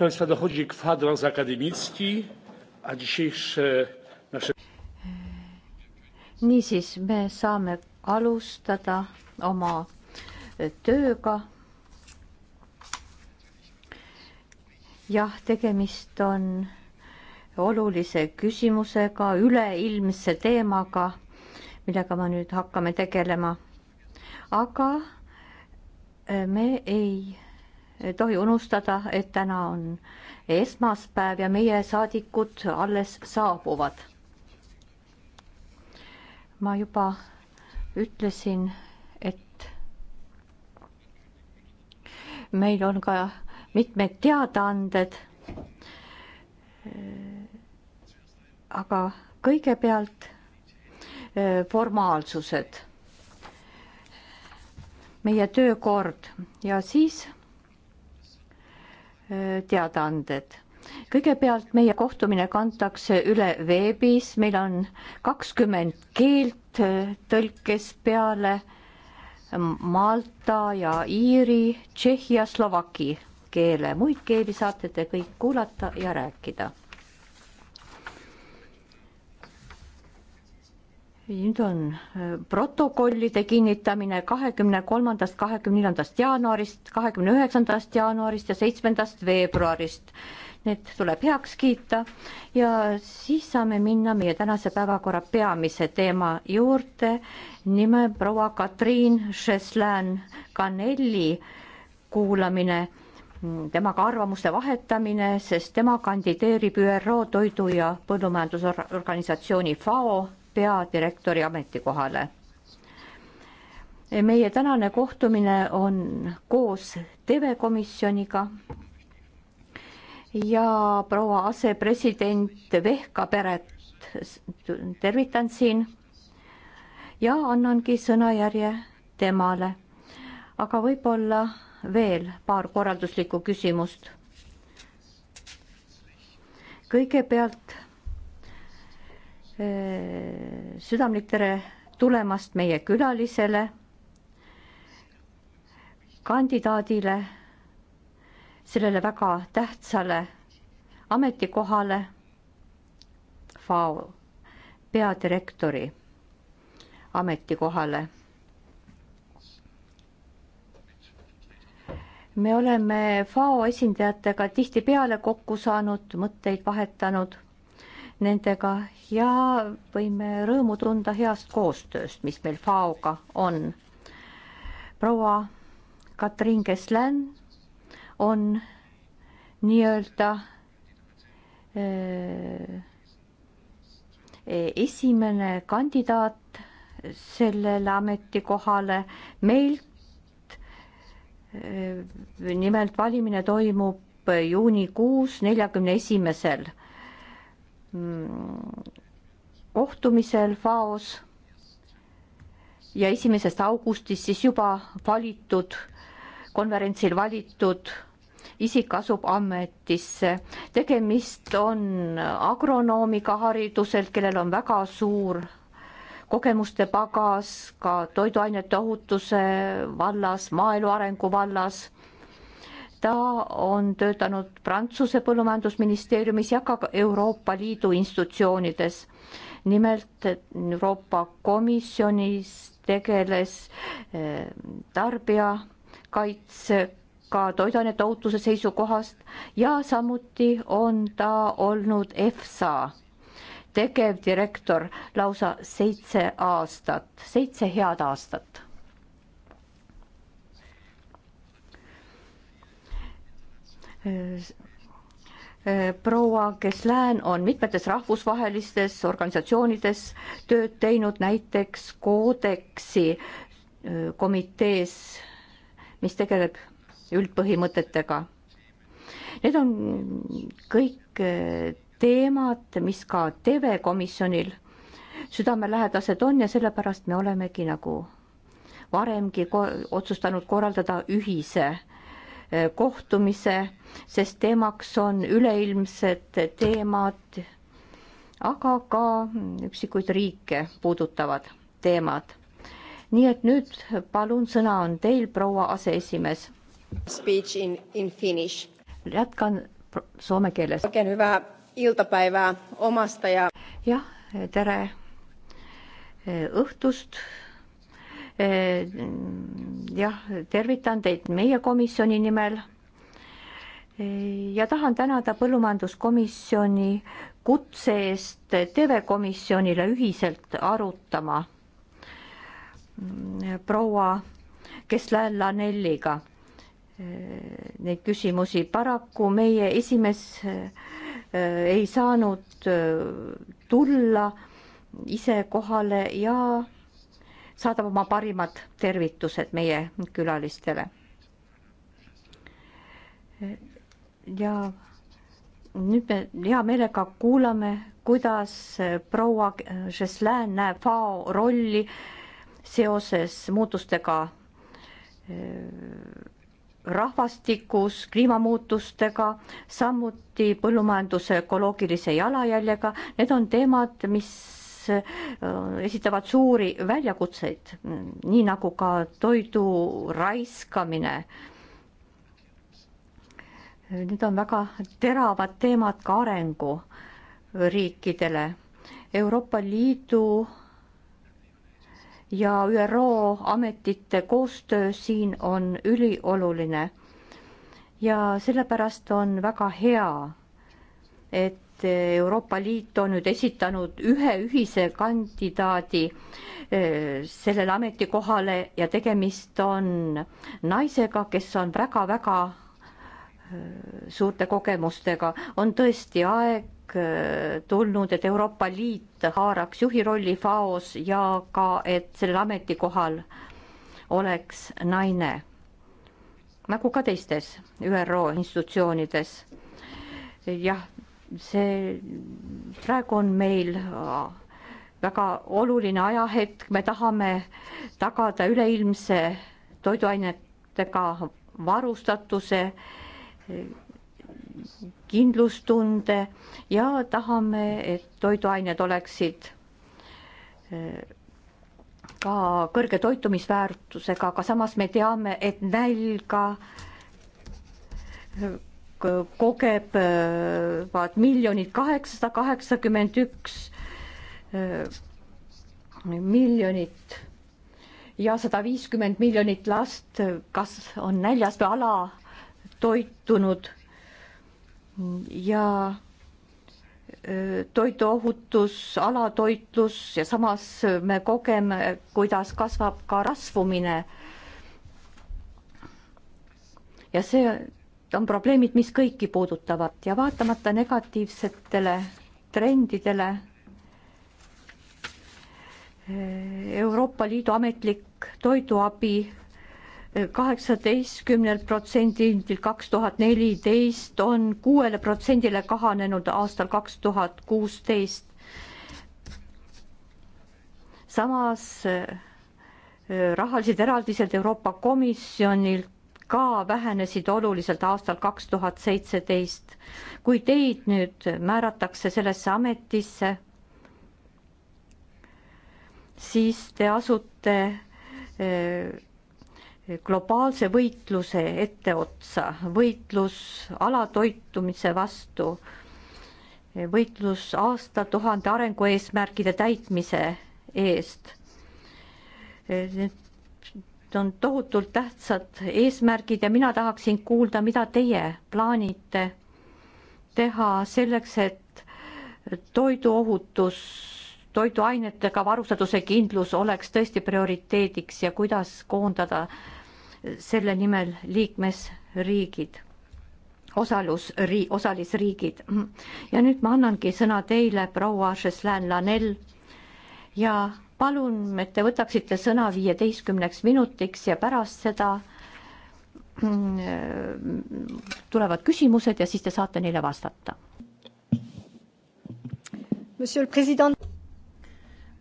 Państwa, dochodzi kwadrans akademicki, a dzisiejsze nasze... niisiis, me saame alustada oma tööga. jah, tegemist on olulise küsimusega, üleilmse teemaga, millega me nüüd hakkame tegelema. aga eh, me ei ei tohi unustada, et täna on esmaspäev ja meie saadikud alles saabuvad. ma juba ütlesin, et meil on ka mitmed teadaanded. aga kõigepealt eh, formaalsused, meie töökord ja siis teadaanded. kõigepealt meie kohtumine kantakse üle veebis, meil on kakskümmend keelt äh, tõlkes peale Malta ja Iiri, Tšehhi ja Slovaki keele, muid keeli saate te kõik kuulata ja rääkida nüüd on äh, protokollide kinnitamine kahekümne kolmandast, kahekümne neljandast jaanuarist, kahekümne üheksandast jaanuarist ja seitsmendast veebruarist. Need tuleb heaks kiita ja siis saame minna meie tänase päevakorra peamise teema juurde. nime proua Katriin Šeslän-Kanelli kuulamine, temaga arvamuste vahetamine, sest tema kandideerib ÜRO Toidu- ja Põllumajandusorganisatsiooni FAO peadirektori ametikohale. meie tänane kohtumine on koos TV Komisjoniga ja proua asepresident Vehka Peret tervitan siin ja annangi sõnajärje temale. aga võib-olla veel paar korralduslikku küsimust. kõigepealt Äh, südamlik tere tulemast meie külalisele, kandidaadile, sellele väga tähtsale ametikohale, FAO peadirektori ametikohale me oleme FAO esindajatega tihtipeale kokku saanud, mõtteid vahetanud nendega ja võime rõõmu tunda heast koostööst, mis meil FAO-ga on. proua Katrin Keslen on nii-öelda äh, esimene kandidaat sellele ametikohale meilt. Äh, nimelt valimine toimub juunikuus neljakümne esimesel kohtumisel mm, FAO-s ja esimesest augustist siis juba valitud, konverentsil valitud isik asub ametisse. tegemist on agronoomiga hariduselt, kellel on väga suur kogemuste pagas ka toiduainete ohutuse vallas, maaelu arengu vallas ta on töötanud Prantsuse põllumajandusministeeriumis ja ka Euroopa Liidu institutsioonides. nimelt Euroopa Komisjonis tegeles eh, tarbijakaitsega toiduainete ohutuse seisukohast ja samuti on ta olnud EFSA tegevdirektor lausa seitse aastat, seitse head aastat proua, kes lään on mitmetes rahvusvahelistes organisatsioonides tööd teinud, näiteks Koodeksi komitees, mis tegeleb üldpõhimõtetega. Need on kõik teemad, mis ka TV komisjonil südamelähedased on ja sellepärast me olemegi nagu varemgi ko otsustanud korraldada ühise kohtumise, sest teemaks on üleilmsed teemad, aga ka üksikuid riike puudutavad teemad. nii et nüüd palun, sõna on teil, proua aseesimees. Speech in, in finnish. jätkan soome keeles. oikein hyvää iltapäivää omasta ja. jah, tere õhtust Äh, jah, tervitan teid meie komisjoni nimel. Äh, ja tahan tänada põllumajanduskomisjoni kutse eest TV Komisjonile ühiselt arutama mm, proua Kesla-Lanelliga äh, neid küsimusi. paraku meie esimees ei saanud tulla ise kohale ja saadab oma parimad tervitused meie külalistele. ja nüüd me hea meelega kuulame, kuidas proua Žeslän näeb FAO rolli seoses muutustega äh, rahvastikus, kliimamuutustega, samuti põllumajanduse ökoloogilise jalajäljega. Need on teemad, mis Äh, esitavad suuri väljakutseid, nii nagu ka toidu raiskamine. Need on väga teravad teemad ka arenguriikidele. Euroopa Liidu ja ÜRO ametite koostöö siin on ülioluline. ja sellepärast on väga hea, et et Euroopa Liit on nüüd esitanud ühe ühise kandidaadi eh, sellele ametikohale ja tegemist on naisega, kes on väga-väga eh, suurte kogemustega. on tõesti aeg eh, tulnud, et Euroopa Liit haaraks juhi rolli FAO-s ja ka, et sellel ametikohal oleks naine, nagu ka teistes ÜRO institutsioonides jah, see praegu on meil äh, väga oluline ajahetk, me tahame tagada üleilmse toiduainetega varustatuse, kindlustunde ja tahame, et toiduained oleksid äh, ka kõrge toitumisväärtusega, aga samas me teame, et nälga kogevad äh, miljonid kaheksasada kaheksakümmend üks äh, miljonit ja sada viiskümmend miljonit last, kas on näljas või alatoitunud ja äh, toiduohutus, alatoitlus ja samas me kogeme, kuidas kasvab ka rasvumine. ja see on probleemid, mis kõiki puudutavad ja vaatamata negatiivsetele trendidele Euroopa Liidu ametlik toiduabi kaheksateistkümnelt protsendil kaks tuhat neliteist on kuuele protsendile kahanenud aastal kaks tuhat kuusteist. samas eh, rahalised eraldised Euroopa Komisjonilt ka vähenesid oluliselt aastal kaks tuhat seitseteist. kui teid nüüd määratakse sellesse ametisse, siis te asute eh, globaalse võitluse etteotsa, võitlus alatoitumise vastu, võitlus aastatuhande arengueesmärkide täitmise eest. Eh, need Need on tohutult tähtsad eesmärgid ja mina tahaksin kuulda, mida teie plaanite teha selleks, et toiduohutus, toiduainetega varustatuse kindlus oleks tõesti prioriteediks ja kuidas koondada selle nimel liikmesriigid osalusriik, osalisriigid. ja nüüd ma annangi sõna teile, proua Žeslän Lanel ja palun, et te võtaksite sõna viieteistkümneks minutiks ja pärast seda mm, tulevad küsimused ja siis te saate neile vastata.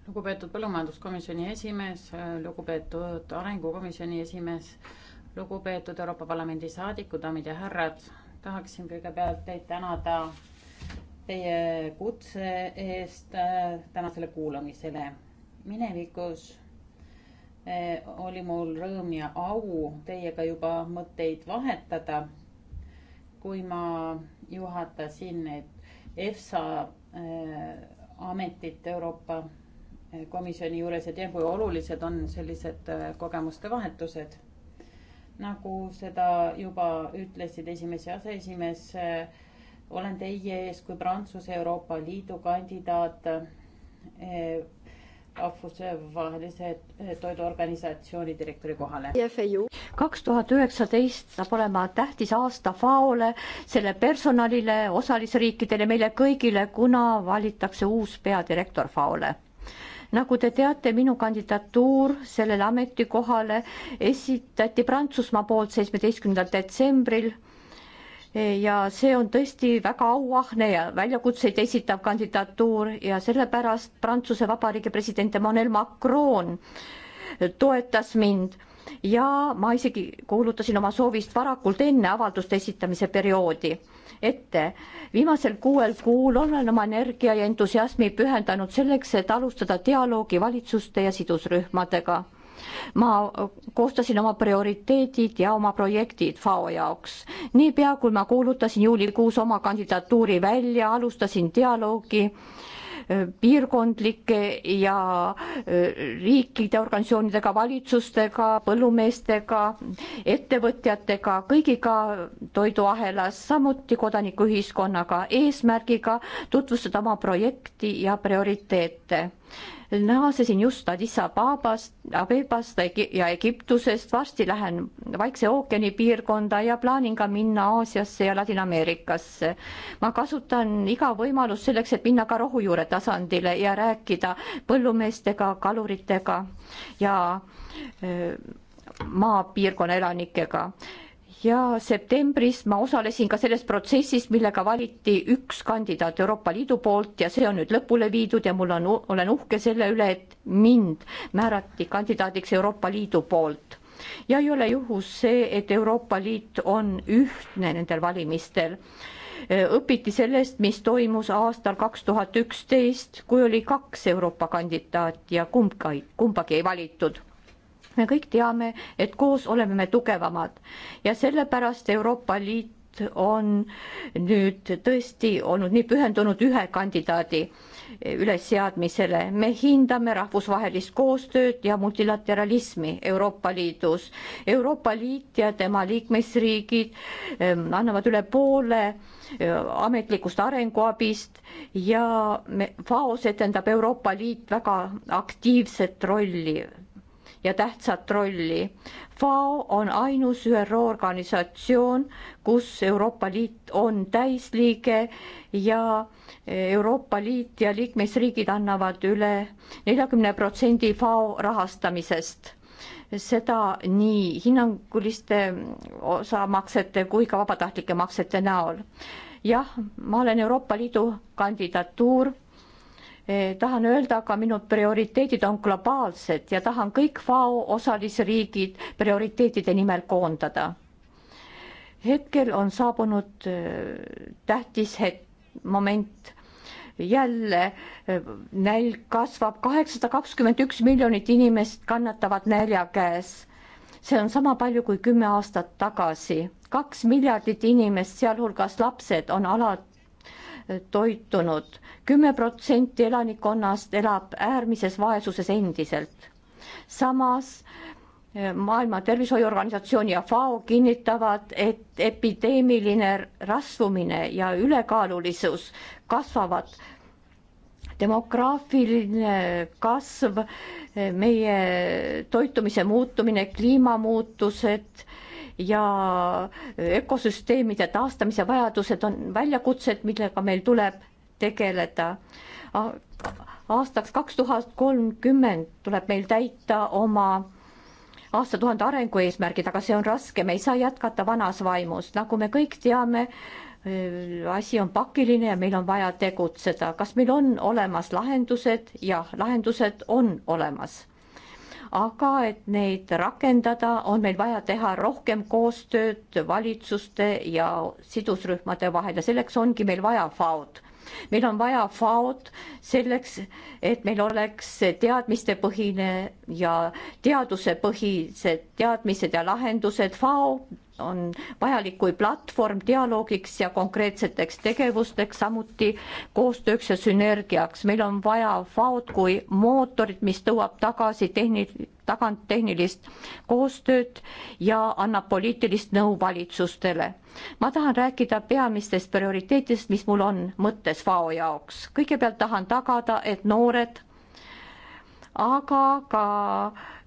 lugupeetud põllumajanduskomisjoni esimees, lugupeetud arengukomisjoni esimees, lugupeetud Euroopa Parlamendi saadikud, daamid ja härrad, tahaksin kõigepealt teid tänada teie kutse eest äh, tänasele kuulamisele. minevikus äh, oli mul rõõm ja au teiega juba mõtteid vahetada, kui ma juhatasin EFSA äh, ametit Euroopa Komisjoni juures ja tean, kui olulised on sellised kogemuste vahetused. nagu seda juba ütlesid esimese aseesimees olen teie ees kui Prantsuse Euroopa Liidu kandidaat eh, rahvusvahelise eh, toiduorganisatsiooni direktori kohale. kaks tuhat üheksateist saab olema tähtis aasta FAO-le, selle personalile, osalisriikidele, meile kõigile, kuna valitakse uus peadirektor FAO-le nagu te teate, minu kandidatuur sellele ametikohale esitati Prantsusmaa poolt seitsmeteistkümnendal detsembril ja see on tõesti väga auahne ja väljakutseid esitav kandidatuur ja sellepärast Prantsuse Vabariigi president Emmanuel Macron toetas mind ja ma isegi kuulutasin oma soovist varakult enne avalduste esitamise perioodi ette. viimasel kuuel kuul olen oma energia ja entusiasmi pühendanud selleks, et alustada dialoogi valitsuste ja sidusrühmadega ma koostasin oma prioriteedid ja oma projektid FAO jaoks. niipea, kui ma kuulutasin juulikuus oma kandidatuuri välja, alustasin dialoogi e, piirkondlike ja e, riikide organisatsioonidega, valitsustega, põllumeestega, ettevõtjatega, kõigiga toiduahelas, samuti kodanikuühiskonnaga, eesmärgiga tutvustada oma projekti ja prioriteete naasesin just Addis Ababast, Abebast ja Egiptusest, varsti lähen Vaikse ookeani piirkonda ja plaanin ka minna Aasiasse ja Ladina-Ameerikasse. ma kasutan iga võimalust selleks, et minna ka rohujuure tasandile ja rääkida põllumeestega, kaluritega ja maapiirkonna elanikega ja septembris ma osalesin ka selles protsessis, millega valiti üks kandidaat Euroopa Liidu poolt ja see on nüüd lõpule viidud ja mul on, olen uhke selle üle, et mind määrati kandidaadiks Euroopa Liidu poolt. ja ei ole juhus see, et Euroopa Liit on ühtne nendel valimistel. õpiti sellest, mis toimus aastal kaks tuhat üksteist, kui oli kaks Euroopa kandidaati ja kumbki, kumbagi ei valitud me kõik teame, et koos oleme me tugevamad ja sellepärast Euroopa Liit on nüüd tõesti olnud nii pühendunud ühe kandidaadi ülesseadmisele. me hindame rahvusvahelist koostööd ja multilateralismi Euroopa Liidus. Euroopa Liit ja tema liikmesriigid ehm, annavad üle poole ehm, ametlikust arenguabist ja me, FAO-s etendab Euroopa Liit väga aktiivset rolli ja tähtsat rolli. FAO on ainus ÜRO organisatsioon, kus Euroopa Liit on täisliige ja Euroopa Liit ja liikmesriigid annavad üle neljakümne protsendi FAO rahastamisest seda nii hinnanguliste osamaksete kui ka vabatahtlike maksete näol. jah, ma olen Euroopa Liidu kandidatuur Eh, tahan öelda, aga minu prioriteedid on globaalsed ja tahan kõik FAO osalisriigid prioriteetide nimel koondada. hetkel on saabunud eh, tähtis hetk, moment jälle eh, nälg kasvab, kaheksasada kakskümmend üks miljonit inimest kannatavad nälja käes. see on sama palju kui kümme aastat tagasi. kaks miljardit inimest, sealhulgas lapsed, on alat-, toitunud. kümme protsenti elanikkonnast elab äärmises vaesuses endiselt. samas eh, maailma Tervishoiuorganisatsioon ja FAO kinnitavad, et epideemiline rasvumine ja ülekaalulisus kasvavad. demograafiline kasv, eh, meie toitumise muutumine, kliimamuutused ja ökosüsteemide taastamise vajadused on väljakutsed, millega meil tuleb tegeleda. aastaks kaks tuhat kolmkümmend tuleb meil täita oma aastatuhande arengu eesmärgid, aga see on raske, me ei saa jätkata vanas vaimus, nagu me kõik teame äh, asi on pakiline ja meil on vaja tegutseda. kas meil on olemas lahendused? jah, lahendused on olemas aga et neid rakendada, on meil vaja teha rohkem koostööd valitsuste ja sidusrühmade vahel ja selleks ongi meil vaja FAO-d meil on vaja FAO-d selleks, et meil oleks teadmistepõhine ja teadusepõhised teadmised ja lahendused. FAO on vajalik kui platvorm dialoogiks ja konkreetseteks tegevusteks, samuti koostööks ja sünergiaks. meil on vaja FAO-d kui mootorit, mis tõuab tagasi tehni-, tagant tehnilist koostööd ja annab poliitilist nõu valitsustele. ma tahan rääkida peamistest prioriteetidest, mis mul on mõttes FAO jaoks. kõigepealt tahan tagada, et noored aga ka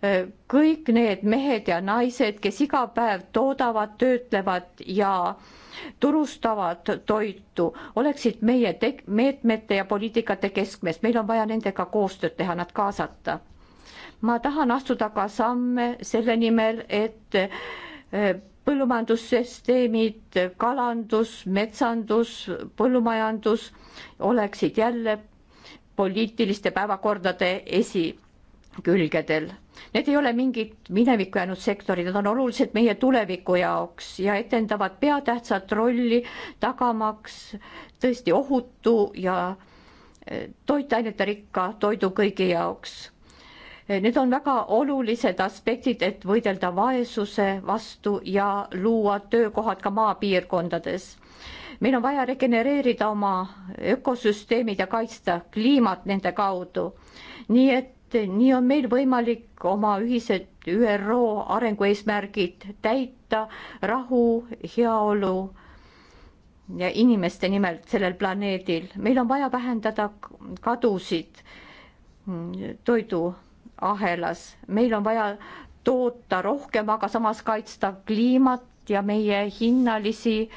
eh, kõik need mehed ja naised, kes iga päev toodavad, töötlevad ja turustavad toitu, oleksid meie tek-, meetmete ja poliitikate keskmes, meil on vaja nendega koostööd teha, nad kaasata. ma tahan astuda ka samme selle nimel, et eh, põllumajandussüsteemid, kalandus, metsandus, põllumajandus oleksid jälle poliitiliste päevakordade esikülgedel. Need ei ole mingid minevikku jäänud sektorid, nad on olulised meie tuleviku jaoks ja etendavad peatähtsat rolli tagamaks tõesti ohutu ja e, toitainete rikka toidu kõigi jaoks. E, need on väga olulised aspektid, et võidelda vaesuse vastu ja luua töökohad ka maapiirkondades meil on vaja regenereerida oma ökosüsteemid ja kaitsta kliimat nende kaudu. nii et nii on meil võimalik oma ühised ÜRO arengueesmärgid täita rahu, heaolu ja inimeste nimel sellel planeedil. meil on vaja vähendada kadusid toiduahelas, meil on vaja toota rohkem, aga samas kaitsta kliimat ja meie hinnalisi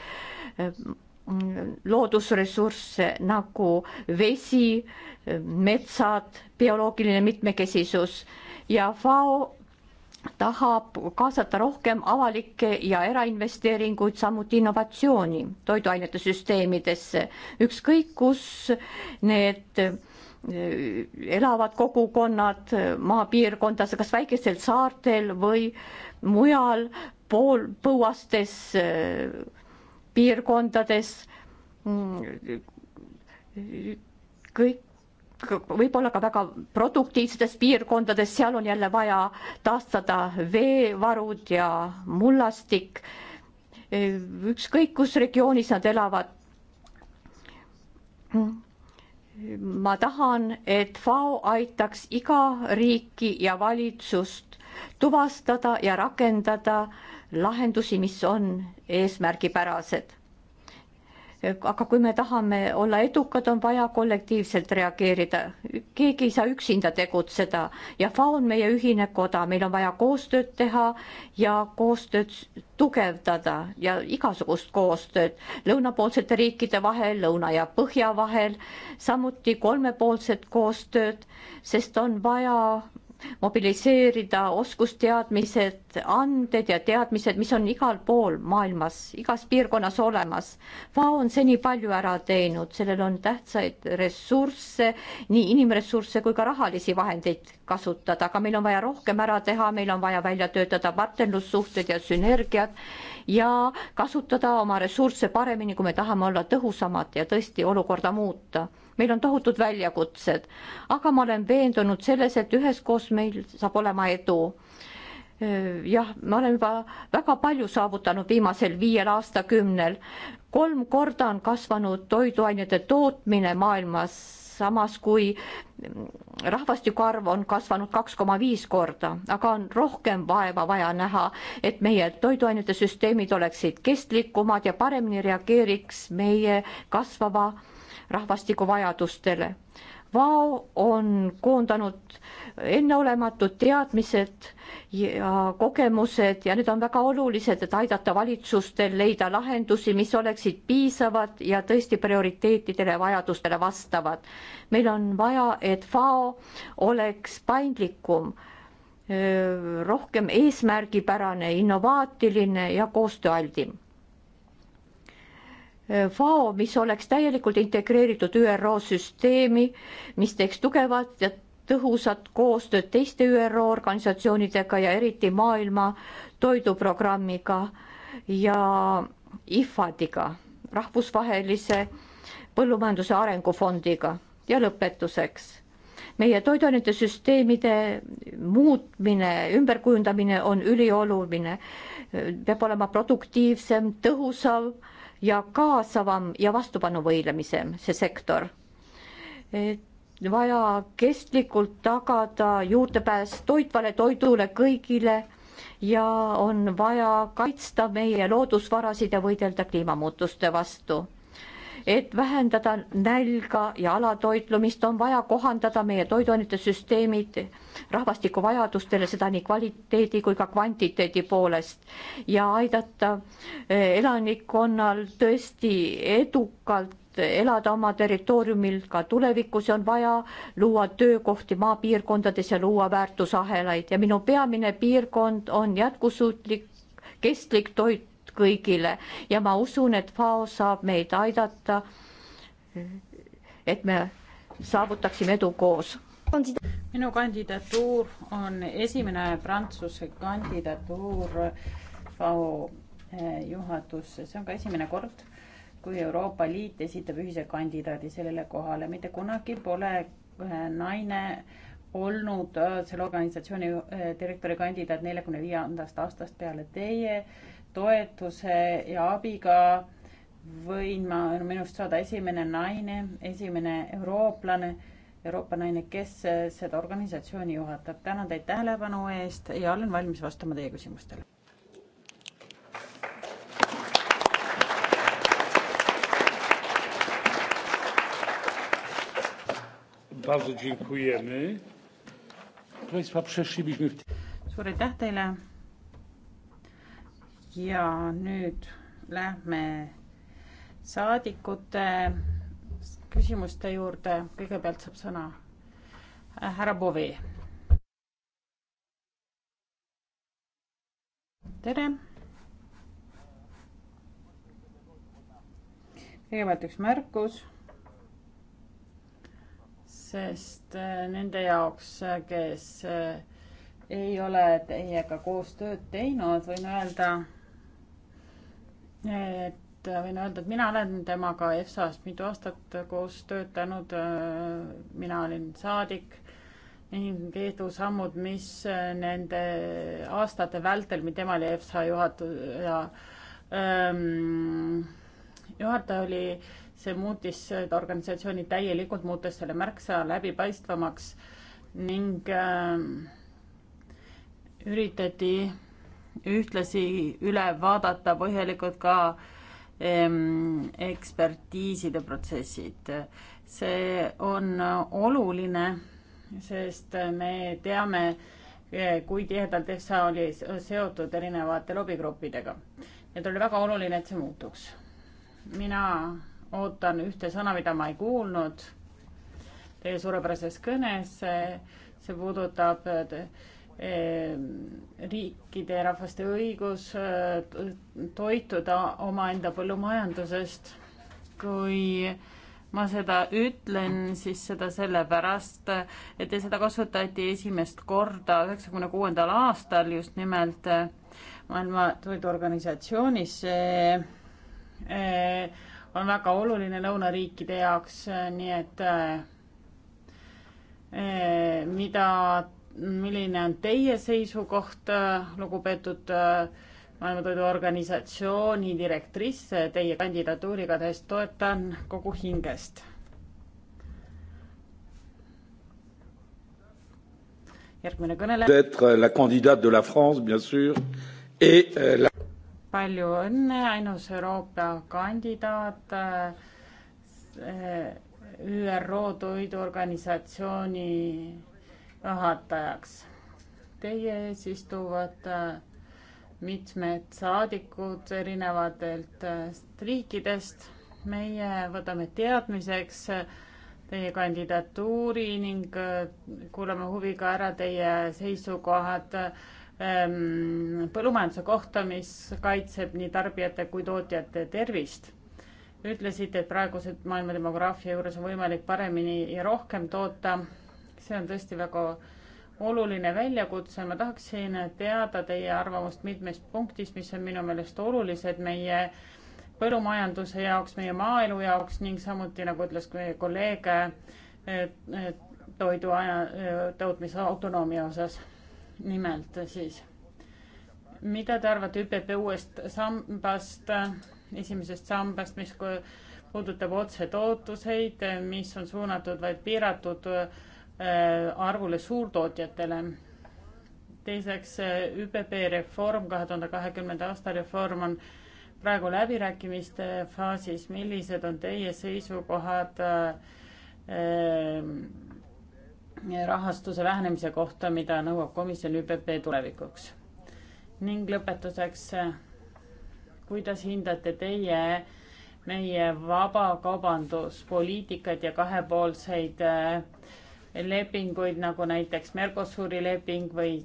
Mm, loodusressursse nagu vesi, metsad, bioloogiline mitmekesisus ja FAO tahab kaasata rohkem avalikke ja erainvesteeringuid, samuti innovatsiooni toiduainete süsteemidesse, ükskõik kus need äh, elavad kogukonnad maapiirkondades, kas väikestel saartel või mujal pool põuastes äh, piirkondades kõik, võib-olla ka väga produktiivsetes piirkondades, seal on jälle vaja taastada veevarud ja mullastik. ükskõik, kus regioonis nad elavad. ma tahan, et FAO aitaks iga riiki ja valitsust tuvastada ja rakendada äh, lahendusi, mis on eesmärgipärased. aga kui me tahame olla edukad, on vaja kollektiivselt reageerida, keegi ei saa üksinda tegutseda ja FAO on meie ühine koda, meil on vaja koostööd teha ja koostööd tugevdada ja igasugust koostööd lõunapoolsete riikide vahel, lõuna ja põhja vahel, samuti kolmepoolset koostööd, sest on vaja mobiliseerida oskusteadmised, anded ja teadmised, mis on igal pool maailmas, igas piirkonnas olemas. FAO on seni palju ära teinud, sellel on tähtsaid ressursse, nii inimressursse kui ka rahalisi vahendeid kasutada, aga meil on vaja rohkem ära teha, meil on vaja välja töötada partnerlussuhted ja sünergiad ja kasutada oma ressursse paremini, kui me tahame olla tõhusamad ja tõesti olukorda muuta meil on tohutud väljakutsed, aga ma olen veendunud selles, et üheskoos meil saab olema edu. Äh, jah, me oleme juba väga palju saavutanud viimasel viiel aastakümnel. kolm korda on kasvanud toiduainete tootmine maailmas, samas kui rahvastiku arv on kasvanud kaks koma viis korda, aga on rohkem vaeva vaja näha, et meie toiduainete süsteemid oleksid kestlikumad ja paremini reageeriks meie kasvava rahvastiku vajadustele. Vao on koondanud enneolematud teadmised ja kogemused ja need on väga olulised, et aidata valitsustel leida lahendusi, mis oleksid piisavad ja tõesti prioriteetidele, vajadustele vastavad. meil on vaja, et Vao oleks paindlikum rohkem eesmärgipärane, innovaatiline ja koostööaldim. Äh, FAO, mis oleks täielikult integreeritud ÜRO süsteemi, mis teeks tugevat ja tõhusat koostööd teiste ÜRO organisatsioonidega ja eriti Maailma Toiduprogrammiga ja IFAD-iga, rahvusvahelise põllumajanduse arengufondiga. ja lõpetuseks, meie toiduainete süsteemide muutmine, ümberkujundamine on ülioluline, peab olema produktiivsem, tõhusam ja kaasavam ja vastupanuvõimelisem see sektor. vaja kestlikult tagada juurdepääs toitvale toidule kõigile ja on vaja kaitsta meie loodusvarasid ja võidelda kliimamuutuste vastu et vähendada nälga ja alatoitlumist, on vaja kohandada meie toiduainete süsteemid rahvastiku vajadustele, seda nii kvaliteedi kui ka kvantiteedi poolest ja aidata eh, elanikkonnal tõesti edukalt elada oma territooriumil ka tulevikus ja on vaja luua töökohti maapiirkondades ja luua väärtusahelaid ja minu peamine piirkond on jätkusuutlik kestlik toit kõigile ja ma usun, et FAO saab meid aidata, et me saavutaksime edu koos. minu kandidatuur on esimene Prantsuse kandidatuur FAO eh, juhatusse, see on ka esimene kord, kui Euroopa Liit esitab ühise kandidaadi sellele kohale, mitte kunagi pole eh, naine olnud eh, selle organisatsiooni direktori kandidaat neljakümne viiendast aastast peale teie toetuse ja abiga võin ma minust saada esimene naine, esimene eurooplane, Euroopa naine, kes seda organisatsiooni juhatab. tänan teid tähelepanu eest ja olen valmis vastama teie küsimustele. suur aitäh teile ja nüüd lähme saadikute küsimuste juurde. kõigepealt saab sõna äh, härra Bovi. tere. kõigepealt üks märkus sest äh, nende jaoks, äh, kes ei ole teiega koostööd teinud, võin öelda, et äh, võin öelda, et mina olen temaga EFSA-st mitu aastat koos töötanud, äh, mina olin saadik ning edusammud, mis äh, nende aastate vältel, mil tema oli EFSA juhataja ähm,, juhataja oli, see muutis seda organisatsiooni täielikult, muutes selle märksa läbipaistvamaks ning ähm, üritati ühtlasi üle vaadata põhjalikult ka ehm, ekspertiiside protsessid. see on oluline, sest me teame, eh, kui tihedalt EFSA oli seotud erinevate lobigruppidega. et oli väga oluline, et see muutuks. mina ootan ühte sõna, mida ma ei kuulnud teie suurepärases kõnes, see puudutab eh, Eh, riikide ja rahvaste õigus eh, toituda omaenda põllumajandusest. kui ma seda ütlen, siis seda sellepärast, et seda kasutati esimest korda üheksakümne kuuendal aastal just nimelt eh, Maailma Toiduorganisatsioonis. see on väga oluline lõunariikide jaoks, nii et mida milline on teie seisukoht, lugupeetud äh, Maailma Toiduorganisatsiooni direktriss, teie kandidatuuri igatahes toetan kogu hingest. järgmine kõneleja. Euh, palju õnne, ainus Euroopa kandidaat äh, ÜRO Toiduorganisatsiooni rahatajaks. Teie ees istuvad äh, mitmed saadikud erinevatelt äh, riikidest. meie võtame teadmiseks äh, teie kandidatuuri ning kuulame huviga ära teie seisukohad ähm, põllumajanduse kohta, mis kaitseb nii tarbijate kui tootjate tervist. ütlesite, et praeguse maailma demograafia juures on võimalik paremini ja rohkem toota see on tõesti väga oluline väljakutse, ma tahaksin teada teie arvamust mitmest punktist, mis on minu meelest olulised meie põllumajanduse jaoks, meie maaelu jaoks ning samuti, nagu ütles meie kolleeg, toidu tootmise autonoomia osas. nimelt siis, mida te arvate ÜPP uuest sambast, esimesest sambast, mis puudutab otsetootuseid, mis on suunatud vaid piiratud Äh, arvule suurtootjatele. teiseks, äh, ÜPP reform, kahe tuhande kahekümnenda aasta reform on praegu läbirääkimiste faasis, millised on teie seisukohad äh, rahastuse vähenemise kohta, mida nõuab komisjon ÜPP tulevikuks? ning lõpetuseks, kuidas hindate teie meie vabakaubanduspoliitikat ja kahepoolseid äh, lepinguid, nagu näiteks Mercosuri leping või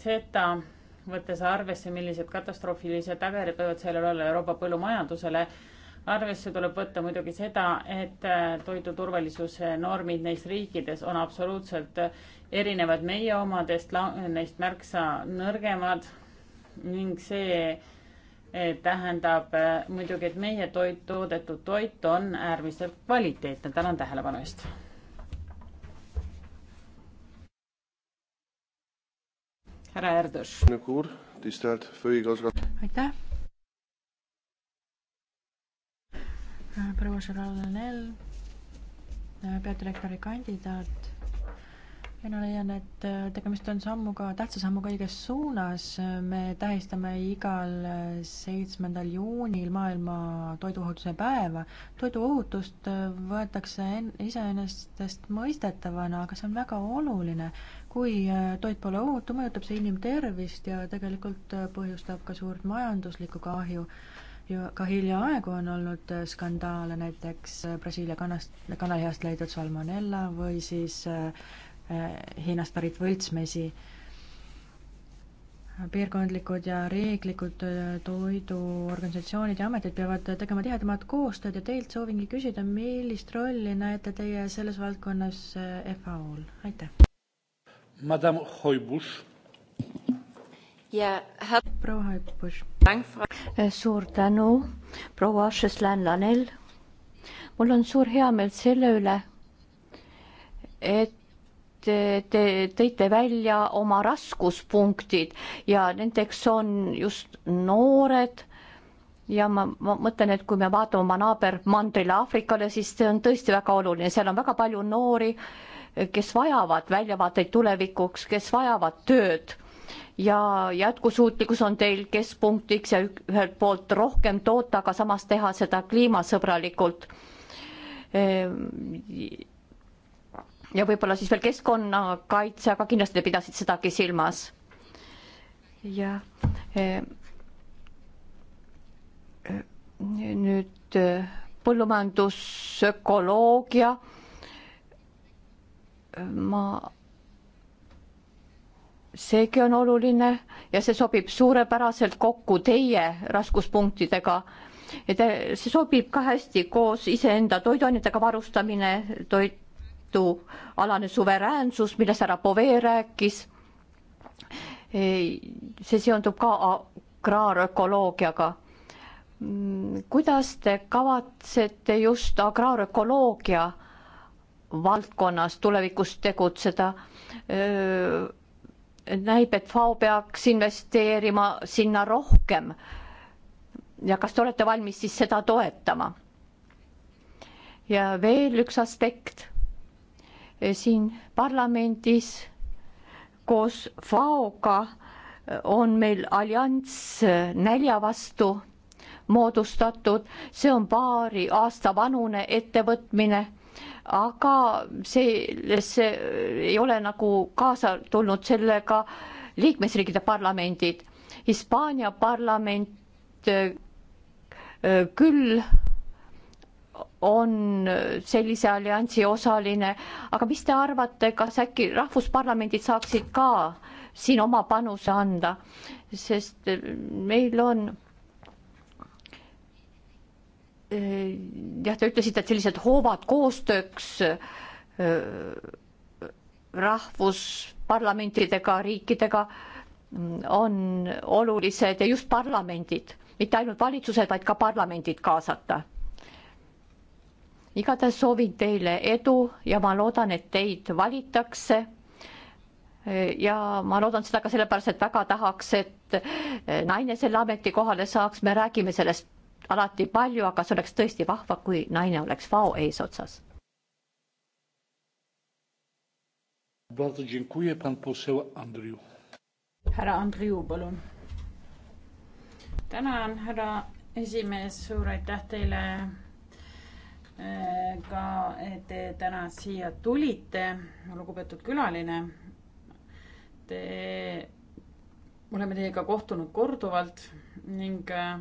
CETA, eh, võttes arvesse, millised katastroofilised tagajärjed võivad sellel olla Euroopa põllumajandusele, arvesse tuleb võtta muidugi seda, et eh, toiduturvalisuse normid neis riikides on absoluutselt erinevad meie omadest, neist märksa nõrgemad ning see eh, tähendab muidugi, et meie toit, toodetud toit on äärmiselt kvaliteetne. tänan tähelepanu eest härra Erdős. aitäh. proua Žeral Lanel, peadirektori kandidaat mina leian, et äh, tegemist on sammuga, tähtsa sammuga õiges suunas, me tähistame igal äh, seitsmendal juunil maailma toiduohutuse päeva. toiduohutust äh, võetakse iseenesestmõistetavana, aga see on väga oluline. kui toit pole ohutu, mõjutab see inimtervist ja tegelikult põhjustab ka suurt majanduslikku kahju ja ka hiljaaegu on olnud skandaale, näiteks Brasiilia kanast, kanalihast leidnud salmonella või siis äh, Eh, Hiinast pärit võltsmesi. piirkondlikud ja riiklikud eh, toiduorganisatsioonid ja ametid peavad tegema tihedamat koostööd ja teilt soovingi küsida, millist rolli näete teie selles valdkonnas eh, FAO-l, aitäh! Madame Hoibus. proua Hoibus. suur tänu, proua Šeslan Lanel. mul on suur heameel selle üle, et te tõite välja oma raskuspunktid ja nendeks on just noored ja ma, ma mõtlen, et kui me vaatame oma naabermandrile Aafrikale, siis see on tõesti väga oluline, seal on väga palju noori, kes vajavad väljavaateid tulevikuks, kes vajavad tööd ja jätkusuutlikkus on teil keskpunktiks ja ühelt poolt rohkem toota, aga samas teha seda kliimasõbralikult ehm, ja võib-olla siis veel keskkonnakaitse, aga kindlasti te pidasite sedagi silmas. jah eh, eh,. nüüd eh, põllumajandusökoloogia. ma, seegi on oluline ja see sobib suurepäraselt kokku teie raskuspunktidega ja te, see sobib ka hästi koos iseenda toiduainetega varustamine, toit, Liidu alane suveräänsus, millest härra Povee rääkis. see seondub ka agraarökoloogiaga. kuidas te kavatsete just agraarökoloogia valdkonnas tulevikus tegutseda? näib, et FAO peaks investeerima sinna rohkem. ja kas te olete valmis siis seda toetama? ja veel üks aspekt. Eh, siin parlamendis koos FAO-ga eh, on meil allianss eh, nälja vastu moodustatud, see on paari aasta vanune ettevõtmine, aga sellesse ei ole nagu kaasa tulnud sellega liikmesriikide parlamendid. Hispaania parlament küll on sellise alliansi osaline, aga mis te arvate, kas äkki rahvusparlamendid saaksid ka siin oma panuse anda, sest eh, meil on eh, jah, te ütlesite, et sellised hoovad koostööks eh, rahvusparlamentidega, riikidega mm, on olulised ja just parlamendid, mitte ainult valitsused, vaid ka parlamendid kaasata igatahes soovin teile edu ja ma loodan, et teid valitakse. ja ma loodan seda ka sellepärast, et väga tahaks, et naine selle ametikohale saaks, me räägime sellest alati palju, aga see oleks tõesti vahva, kui naine oleks vao eesotsas. härra Andriu, palun. tänan, härra esimees, suur aitäh teile ka, et te täna siia tulite, lugupeetud külaline. Te, oleme teiega kohtunud korduvalt ning äh,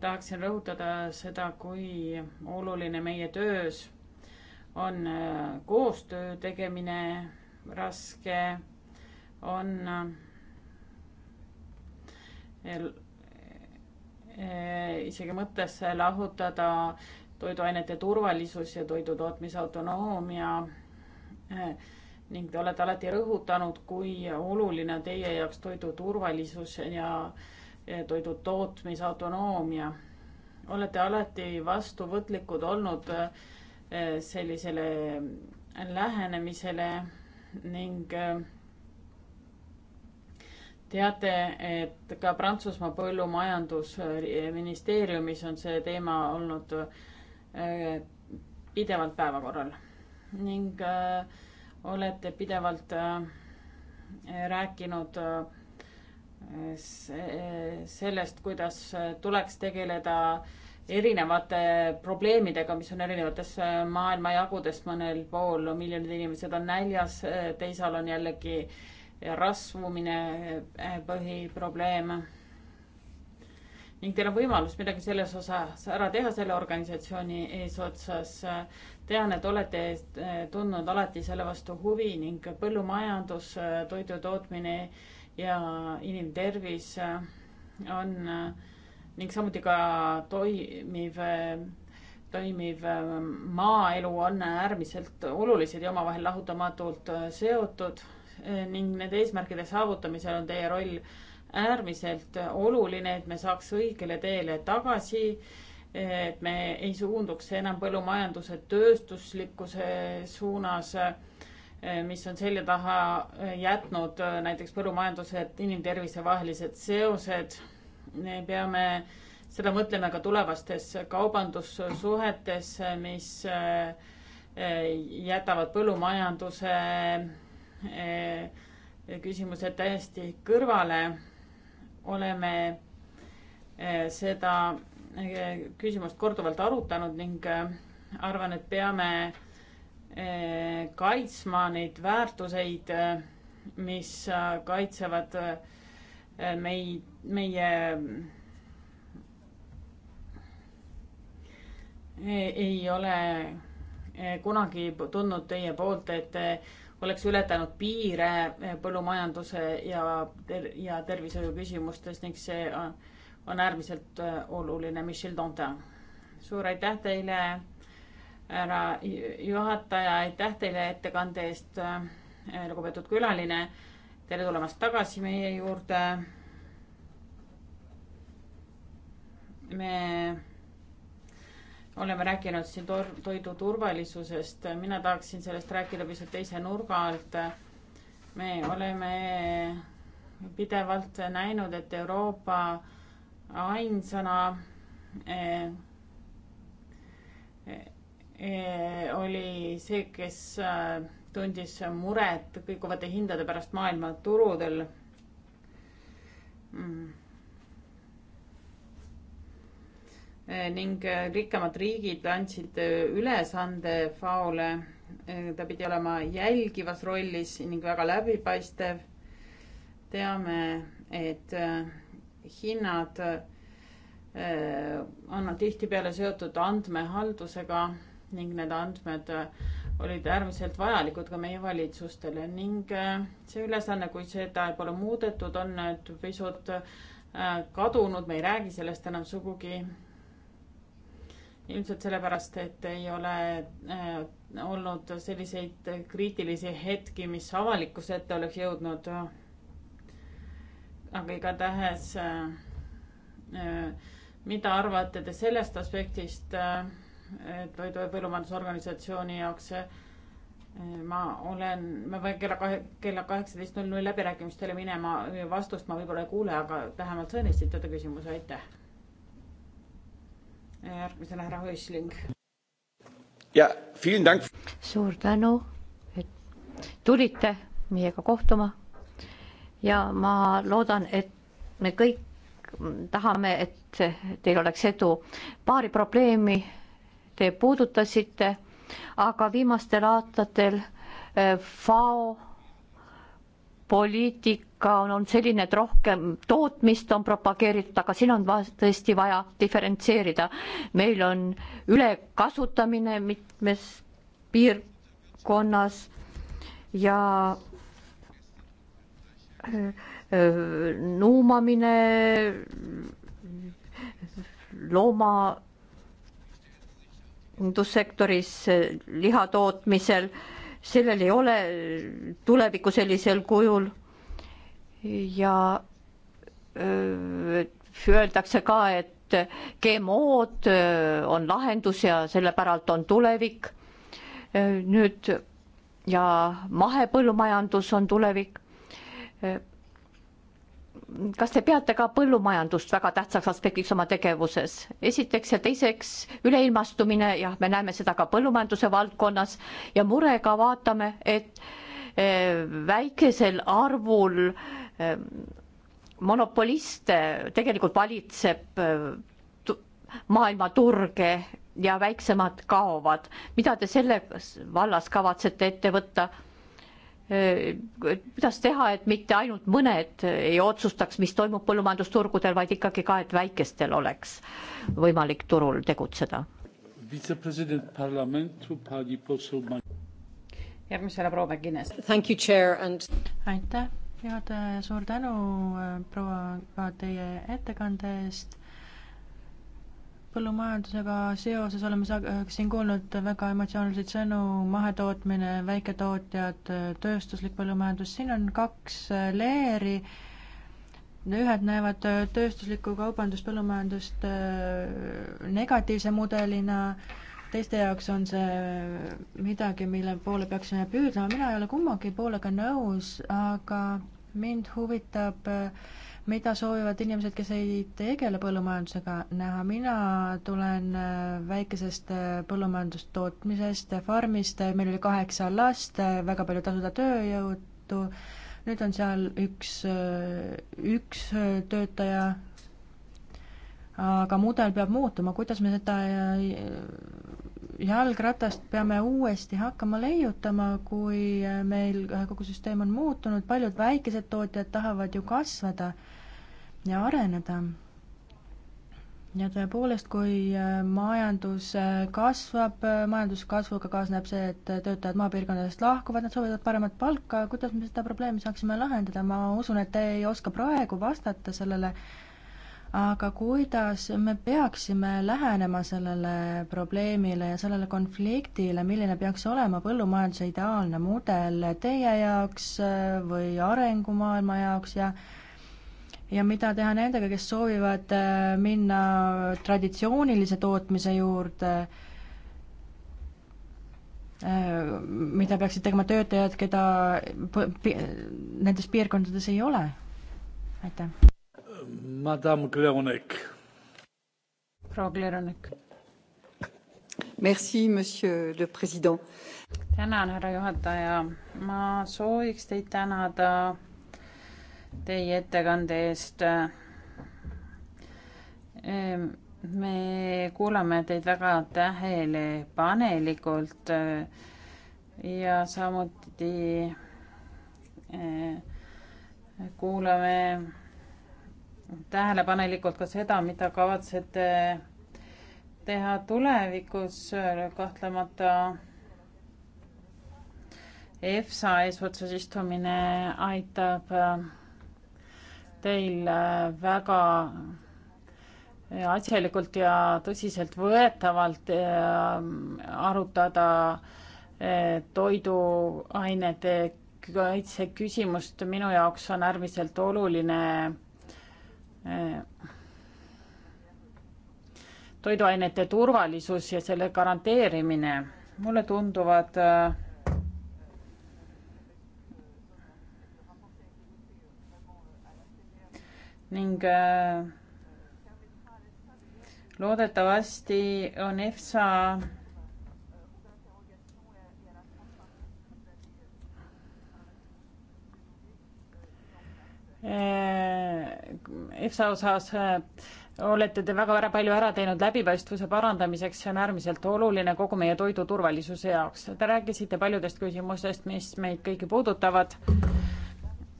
tahaksin rõhutada seda, kui oluline meie töös on äh, koostöö tegemine, raske on äh, Eh, isegi mõttes lahutada toiduainete turvalisus ja toidutootmise autonoomia eh, ning te olete alati rõhutanud, kui oluline on teie jaoks toidu turvalisus ja toidu tootmise autonoomia. olete alati vastuvõtlikud olnud eh, sellisele lähenemisele ning teate, et ka Prantsusmaa põllumajandusministeeriumis on see teema olnud äh, pidevalt päevakorral ning äh, olete pidevalt äh, rääkinud sellest, kuidas tuleks tegeleda erinevate probleemidega, mis on erinevates maailmajagudes, mõnel pool miljonid inimesed on näljas, teisal on jällegi äh, rasvumine eh, põhiprobleem. ning teil on võimalus midagi selles osas ära teha selle organisatsiooni eesotsas. tean, et olete eh, tundnud alati selle vastu huvi ning põllumajandus, eh, toidutootmine ja inimtervis on ning samuti ka toimiv toimiv maaelu on äärmiselt olulised ja omavahel lahutamatult seotud ning nende eesmärkide saavutamisel on teie roll äärmiselt oluline, et me saaks õigele teele tagasi, et me ei suunduks enam põllumajanduse tööstuslikkuse suunas, mis on selja taha jätnud näiteks põllumajanduse ja inimtervise vahelised seosed. me peame seda mõtlema ka tulevastes kaubandussuhetes, mis jätavad põllumajanduse Eh, küsimused täiesti kõrvale. oleme eh, seda eh, küsimust korduvalt arutanud ning arvan, et peame kaitsma neid väärtuseid, mis kaitsevad meid, meie ei ole kunagi tundnud teie poolt, et oleks ületanud piire eh, põllumajanduse ja, ja tervishoiu küsimustes ning see on, eh, on äärmiselt eh, oluline. Michel Dantin, suur aitäh teile, härra juhataja, aitäh teile ettekande eest, lugupeetud külaline. tere tulemast tagasi meie juurde. me oleme rääkinud siin tor-, toidu turvalisusest, mina tahaksin sellest rääkida pisut teise nurga alt. me oleme pidevalt näinud, et Euroopa ainsana eh, eh, oli see, kes eh, tundis muret kõikuvate hindade pärast maailmaturudel mm Eh, ning eh, rikkamad riigid andsid eh, ülesande FAO-le. ta pidi olema jälgivas rollis ning väga läbipaistev. teame, et hinnad on tihtipeale seotud andmehaldusega ning need andmed olid äärmiselt vajalikud ka meie valitsustele ning see ülesanne, kui seda pole muudetud, on nüüd pisut kadunud, me ei räägi sellest enam sugugi ilmselt sellepärast, et ei ole äh, olnud selliseid kriitilisi hetki, mis avalikkuse ette oleks jõudnud. aga igatahes äh, äh, mida arvate te sellest aspektist, äh, et toidu- ja põllumajandusorganisatsiooni jaoks äh, ma olen, ma pean kella kahe, kella kaheksateist null null läbirääkimistele minema, vastust ma võib-olla ei kuule, aga vähemalt sain esitada küsimuse, aitäh järgmisena härra Hösling. ja, suur tänu, et tulite meiega kohtuma. ja ma loodan, et me kõik tahame, et teil oleks edu. paari probleemi te puudutasite, aga viimastel aastatel eh, FAO poliitika on olnud selline, et rohkem tootmist on propageeritud, aga siin on va tõesti vaja diferentseerida. meil on ülekasutamine mitmes piirkonnas ja äh, äh, nuumamine, loomaindussektoris liha tootmisel sellel ei ole tulevikku sellisel kujul ja öö, öeldakse ka, et GMO-d on lahendus ja selle päralt on tulevik. nüüd ja mahepõllumajandus on tulevik kas te peate ka põllumajandust väga tähtsaks aspektiks oma tegevuses? esiteks ja teiseks üleilmastumine, jah, me näeme seda ka põllumajanduse valdkonnas ja murega vaatame, et eh, väikesel arvul eh, monopoliste eh, tegelikult valitseb maailmaturge ja väiksemad kaovad. mida te selles vallas kavatsete ette võtta? Äh, kuidas teha, et mitte ainult mõned äh, ei otsustaks, mis toimub põllumajandusturgudel, vaid ikkagi ka, et väikestel oleks võimalik turul tegutseda? järgmisena proua Mäkines. aitäh, juhataja, suur tänu äh, proua ka teie ettekande eest põllumajandusega seoses oleme äh, siin kuulnud väga emotsionaalseid sõnu, mahetootmine, väiketootjad, tööstuslik põllumajandus, siin on kaks äh, leeri, ühed näevad äh, tööstuslikku kaubanduspõllumajandust negatiivse mudelina, teiste jaoks on see midagi, mille poole peaksime püüdlema, mina ei ole kummagi poolega nõus, aga mind huvitab äh, mida soovivad inimesed, kes ei tegele põllumajandusega näha, mina tulen äh, väikesest äh, põllumajandustootmisest, äh, farmist, meil oli kaheksa last, väga palju tasuta tööjõudu, nüüd on seal üks, üks töötaja, aga mudel peab muutuma, kuidas me seda jalgratast peame uuesti hakkama leiutama, kui meil kogu süsteem on muutunud, paljud väikesed tootjad tahavad ju kasvada ja areneda. ja tõepoolest, kui äh, majandus äh, kasvab, äh, majanduskasvuga kaasneb see, et töötajad maapiirkondadest lahkuvad, nad soovivad paremat palka, kuidas me seda probleemi saaksime lahendada, ma usun, et te ei oska praegu vastata sellele, aga kuidas me peaksime lähenema sellele probleemile ja sellele konfliktile, milline peaks olema põllumajanduse ideaalne mudel teie jaoks või arengumaailma jaoks ja ja mida teha nendega, kes soovivad äh, minna traditsioonilise tootmise juurde, äh, mida peaksid tegema töötajad, keda pi-, nendes piirkondades ei ole? aitäh. Madame Kleonek. proua Kleonek. Merci, monsieur le president. tänan, härra juhataja. ma sooviks teid tänada teie ettekande eest. Ehm, me kuulame teid väga tähelepanelikult eh, ja samuti eh, kuulame tähelepanelikult ka seda, mida kavatsete teha tulevikus kahtlemata EFSA eesotsas istumine aitab eh, teil äh, väga asjalikult ja tõsiseltvõetavalt äh, arutada äh, toiduainete kaitse küsimust. minu jaoks on äärmiselt oluline toiduainete turvalisus ja selle garanteerimine. mulle tunduvad äh, ning äh, loodetavasti on EFSA äh, EFSA osas äh, olete te väga ära palju ära teinud läbipaistvuse parandamiseks, see on äärmiselt oluline kogu meie toidu turvalisuse jaoks. Te rääkisite paljudest küsimustest, mis meid kõiki puudutavad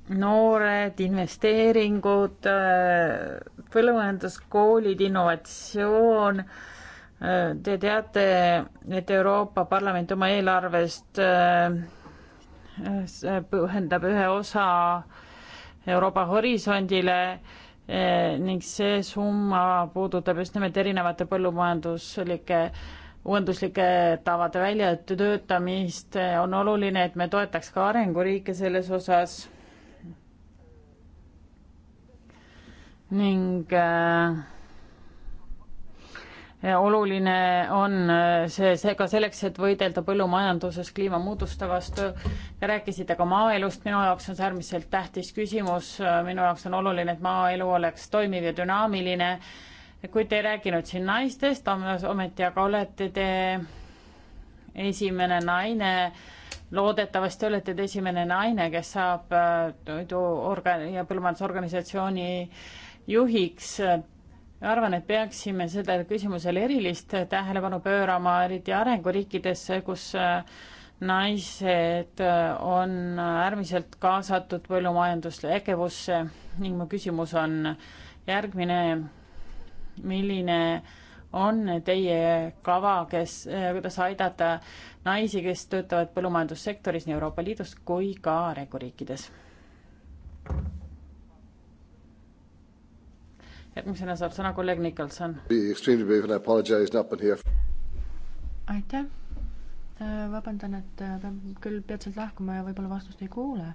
noored, investeeringud, äh, põllumajanduskoolid, innovatsioon. Äh, te teate, et Euroopa Parlament oma eelarvest äh, pühendab ühe osa Euroopa horisondile ning see summa puudutab just nimelt erinevate põllumajanduslike uuenduslike tavade väljatöötamist, on oluline, et me toetaks ka arenguriike selles osas ning äh, oluline on äh, see, see ka selleks, et võidelda põllumajanduses kliimamuutuste vastu. Te rääkisite ka maaelust, minu jaoks on see äärmiselt tähtis küsimus, minu jaoks on oluline, et maaelu oleks toimiv ja dünaamiline, kuid te ei rääkinud siin naistest, ometi aga olete te esimene naine, loodetavasti olete te esimene naine, kes saab äh, toiduorgan- ja põllumajandusorganisatsiooni äh, juhiks. arvan, et peaksime sellele küsimusele erilist tähelepanu pöörama, eriti arenguriikidesse, kus äh, naised äh, on äärmiselt kaasatud põllumajandustegevusse ning mu küsimus on järgmine. milline on teie kava, kes, äh, kuidas aidata naisi, kes töötavad põllumajandussektoris nii Euroopa Liidus kui ka arenguriikides? järgmisena saab sõna kolleeg Nicholson. aitäh, vabandan, et äh, pean küll peatselt lahkuma ja võib-olla vastust ei kuule.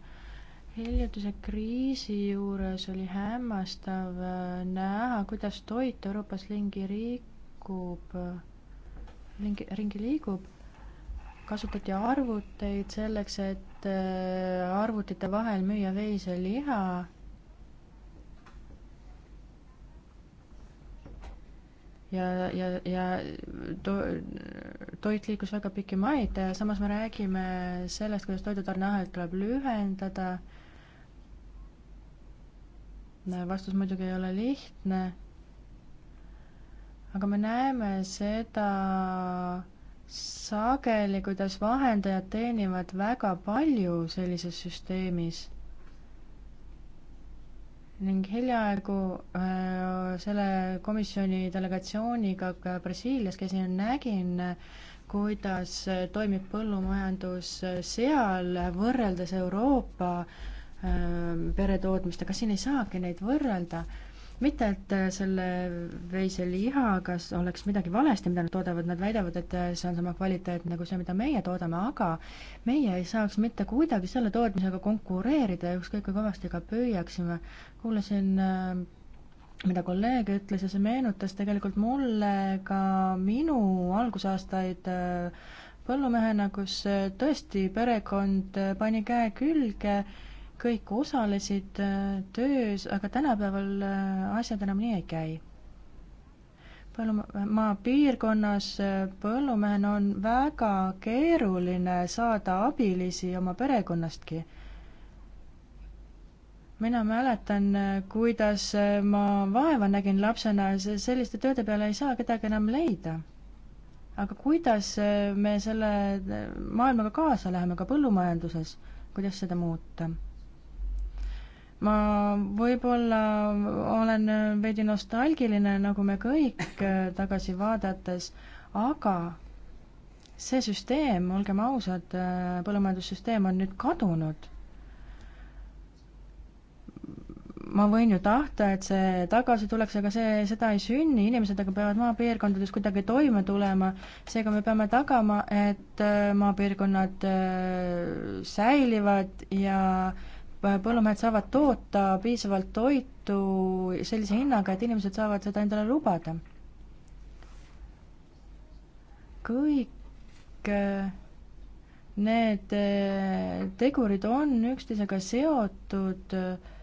hiljutise kriisi juures oli hämmastav äh, näha, kuidas toit Euroopas ringi liigub, ringi, ringi liigub kasutati arvuteid selleks, et äh, arvutite vahel müüa veiseliha ja, ja, ja to-, toit liikus väga pikki maid, samas me räägime sellest, kuidas toidutarneahelat tuleb lühendada, vastus muidugi ei ole lihtne, aga me näeme seda sageli, kuidas vahendajad teenivad väga palju sellises süsteemis ning hiljaaegu äh, selle komisjoni delegatsiooniga Brasiilias käisin, nägin, kuidas toimib põllumajandus seal võrreldes Euroopa äh, peretootmistega, kas siin ei saagi neid võrrelda mitte, et äh, selle veiselihaga oleks midagi valesti, mida nad toodavad, nad väidavad, et äh, see on sama kvaliteet nagu see, mida meie toodame, aga meie ei saaks mitte kuidagi selle tootmisega konkureerida, ükskõik kui kõvasti ka püüaksime. kuulasin äh, mida kolleeg ütles ja see meenutas tegelikult mulle ka minu algusaastaid põllumehena, kus tõesti perekond pani käe külge äh, kõik osalesid äh, töös, aga tänapäeval äh, asjad enam nii ei käi. põllumaa piirkonnas äh, põllumehel on väga keeruline saada abilisi oma perekonnastki mina mäletan, kuidas ma vaeva nägin lapsena, selliste tööde peale ei saa kedagi enam leida. aga kuidas me selle maailmaga kaasa läheme ka põllumajanduses, kuidas seda muuta? ma võib-olla olen veidi nostalgiline, nagu me kõik äh, tagasi vaadates, aga see süsteem, olgem ausad, äh, põllumajandussüsteem on nüüd kadunud. ma võin ju tahta, et see tagasi tuleks, aga see, seda ei sünni, inimesed aga peavad maapiirkondades kuidagi toime tulema, seega me peame tagama, et äh, maapiirkonnad säilivad ja äh, põllumehed saavad toota piisavalt toitu sellise hinnaga, et inimesed saavad seda endale lubada. kõik äh, need äh, tegurid on üksteisega seotud äh,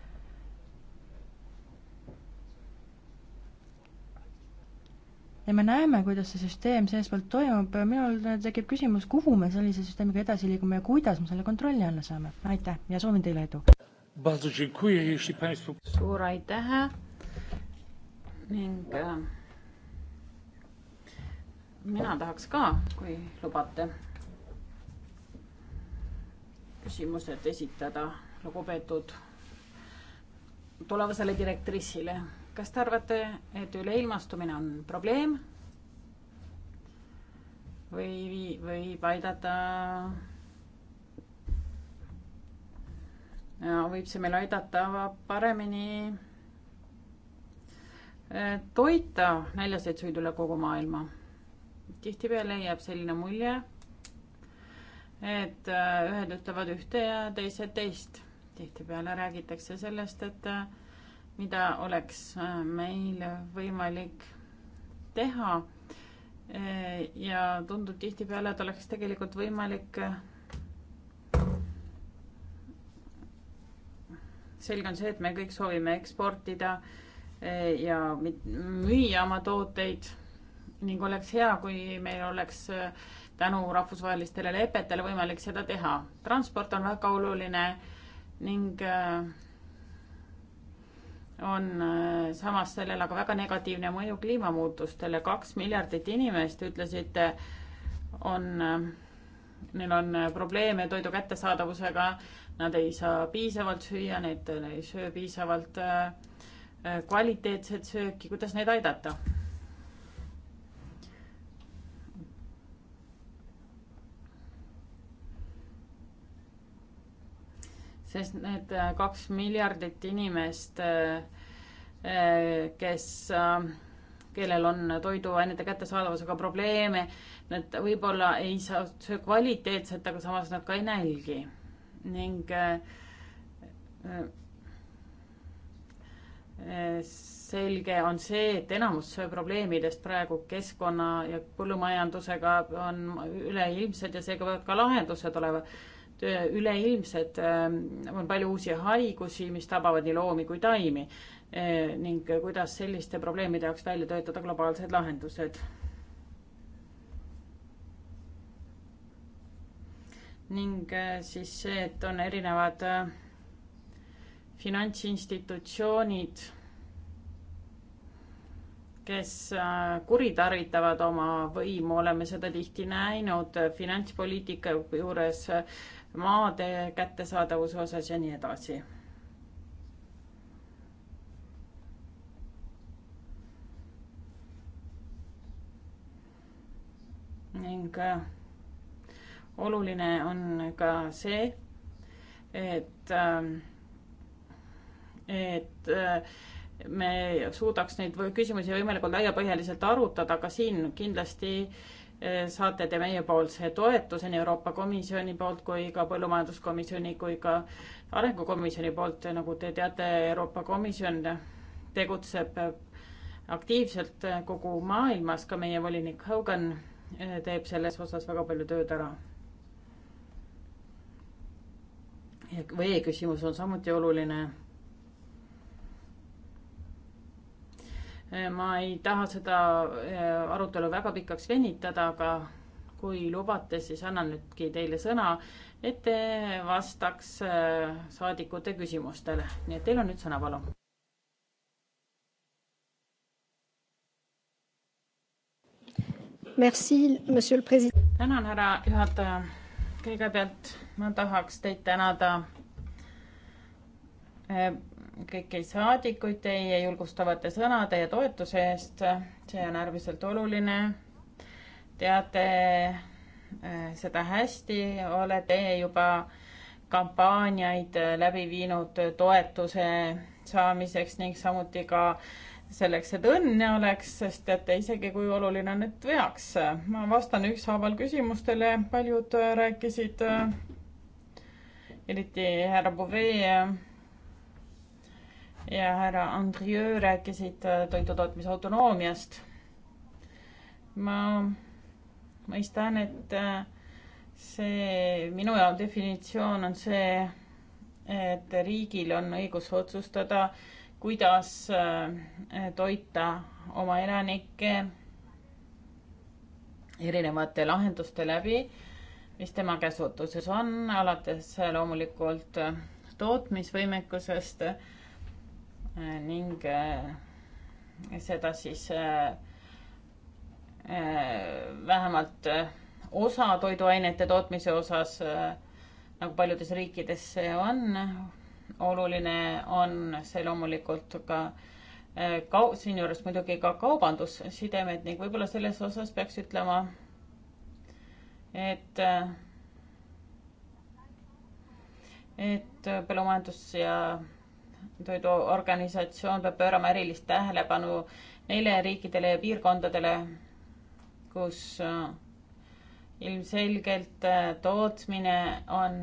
ja me näeme, kuidas see süsteem seestpoolt toimub, minul tekib küsimus, kuhu me sellise süsteemiga edasi liigume ja kuidas me selle kontrolli alla saame. aitäh ja soovin teile edu! suur aitäh ning äh, mina tahaks ka, kui lubate, küsimused esitada lugupeetud tulevasele direktrissile kas te arvate, et üleilmastumine on probleem? või võib aidata ja võib see meil aidata paremini äh, toita näljaseid suid üle kogu maailma. tihtipeale jääb selline mulje, et äh, ühed ütlevad ühte ja teised teist. tihtipeale räägitakse sellest, et äh, mida oleks äh, meil võimalik teha. Äh, ja tundub tihtipeale, et oleks tegelikult võimalik. Äh, selge on see, et me kõik soovime eksportida ja müüa oma tooteid ning oleks hea, kui meil oleks tänu rahvusvahelistele lepetele võimalik seda teha. transport on väga oluline ning äh, on äh, samas sellel aga väga negatiivne mõju kliimamuutustele. kaks miljardit inimest, ütlesite, on, äh, neil on äh, probleeme toidu kättesaadavusega, nad ei saa piisavalt süüa, need ei söö piisavalt kvaliteetset sööki, kuidas neid aidata? sest need äh, kaks miljardit inimest, äh, äh, kes, kellel on toiduainete kättesaadavusega probleeme, nad võib-olla ei saa, söö kvaliteetset, aga samas nad ka ei nälgi ning selge on see, et enamus probleemidest praegu keskkonna ja põllumajandusega on üleilmsed ja seega peavad ka lahendused olema Äh, üleilmsed, ähm, on palju uusi haigusi, mis tabavad nii loomi kui taimi äh, ning kuidas selliste probleemide jaoks välja töötada globaalsed lahendused. ning äh, siis see, et on erinevad finantsinstitutsioonid, kes kuritarvitavad oma võimu, oleme seda tihti näinud finantspoliitika juures äh, maade kättesaadavuse osas ja nii edasi. ning äh, oluline on ka see, et, ähm, et äh, me suudaks neid küsimusi võimalikult laiapõhjaliselt arutada, aga siin kindlasti äh, saate te meiepoolse toetuse nii Euroopa Komisjoni poolt kui ka Põllumajanduskomisjoni kui ka Arengukomisjoni poolt. nagu te teate, Euroopa Komisjon tegutseb aktiivselt kogu maailmas, ka meie volinik Hogan teeb selles osas väga palju tööd ära. vee küsimus on samuti oluline Eh, ma ei taha seda eh, arutelu väga pikaks venitada, aga kui lubate, siis annan nüüdki teile sõna, et te vastaks eh, saadikute küsimustele. nii et teil on nüüd sõna, palun. tänan, härra juhataja. kõigepealt ma tahaks teid tänada kõiki saadikuid teie julgustavate sõnade ja toetuse eest. see on äärmiselt oluline. teate äh, seda hästi, olete juba kampaaniaid läbi viinud toetuse saamiseks ning samuti ka selleks, et õnne oleks, sest teate isegi, kui oluline on, et veaks. ma vastan ükshaaval küsimustele, paljud rääkisid, äh, eriti härra Bovee äh, ja härra Andrieu rääkisid äh, toidutootmise autonoomiast. ma mõistan, et äh, see minu jaoks definitsioon on see, et riigil on õigus otsustada, kuidas äh, toita oma elanikke erinevate lahenduste läbi, mis tema käsutuses on, alates loomulikult tootmisvõimekusest ning äh, seda siis äh, äh, vähemalt osa toiduainete tootmise osas, nagu paljudes riikides see on. oluline on see loomulikult ka kau-, siinjuures muidugi ka kaubandussidemed ning võib-olla selles osas peaks ütlema, et et põllumajandus ja toiduorganisatsioon peab pöörama erilist tähelepanu neile riikidele ja piirkondadele, kus äh, ilmselgelt äh, tootmine on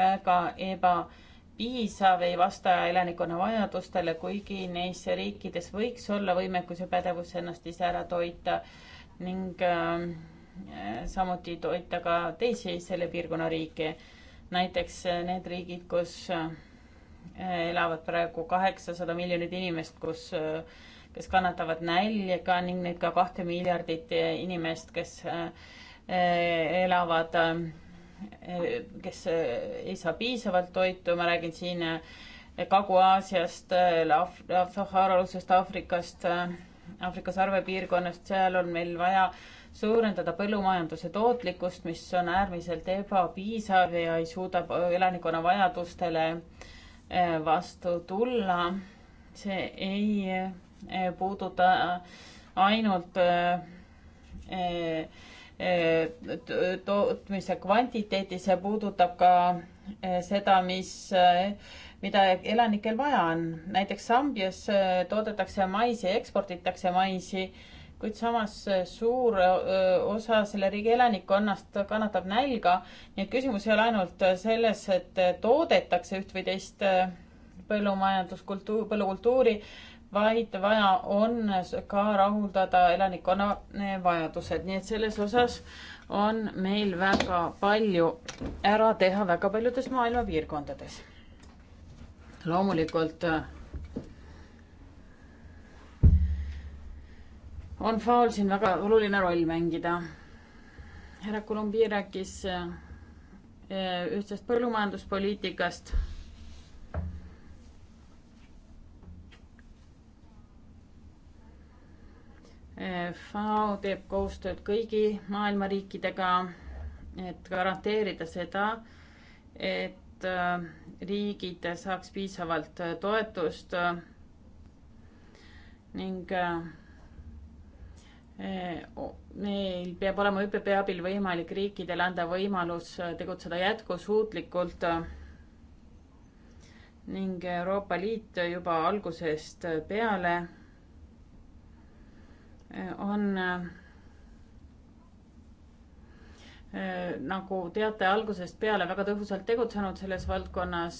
väga ebapiisav, ei vasta elanikkonna vajadustele, kuigi neis riikides võiks olla võimekus ja pädevus ennast ise ära toita ning äh, samuti toita ka teisi selle piirkonna riike. näiteks need riigid, kus elavad praegu kaheksasada miljonit inimest, kus, kes kannatavad nälga ning neid ka kahte miljardit inimest, kes eh, elavad, eh, kes eh, ei saa piisavalt toitu, ma räägin siin Kagu-Aasiast, Sahara-alusest Aafrikast, Aafrika sarvepiirkonnast, seal on meil vaja suurendada põllumajanduse tootlikkust, mis on äärmiselt ebapiisav ja ei suuda elanikkonna vajadustele äh, vastu tulla. see ei eh, puuduta ainult eh, eh, tootmise kvantiteeti, see puudutab ka seda, mis, mida elanikel vaja on. näiteks Sambias toodetakse maisi, eksporditakse maisi kuid samas suur osa selle riigi elanikkonnast kannatab nälga. nii et küsimus ei ole ainult selles, et toodetakse üht või teist põllumajanduskultuur, põllukultuuri, vaid vaja on ka rahuldada elanikkonna vajadused, nii et selles osas on meil väga palju ära teha väga paljudes maailma piirkondades. loomulikult on faul siin väga oluline roll mängida. härra Colombier rääkis eh, eh, ühtsest põllumajanduspoliitikast. Eh, FAO teeb koostööd kõigi maailma riikidega, et garanteerida seda, et riigid saaks piisavalt toetust ning äh, meil eh, peab olema ÜPP abil võimalik riikidele anda võimalus äh, tegutseda jätkusuutlikult äh, ning Euroopa Liit juba algusest äh, peale on nagu teate, algusest peale väga tõhusalt tegutsenud selles valdkonnas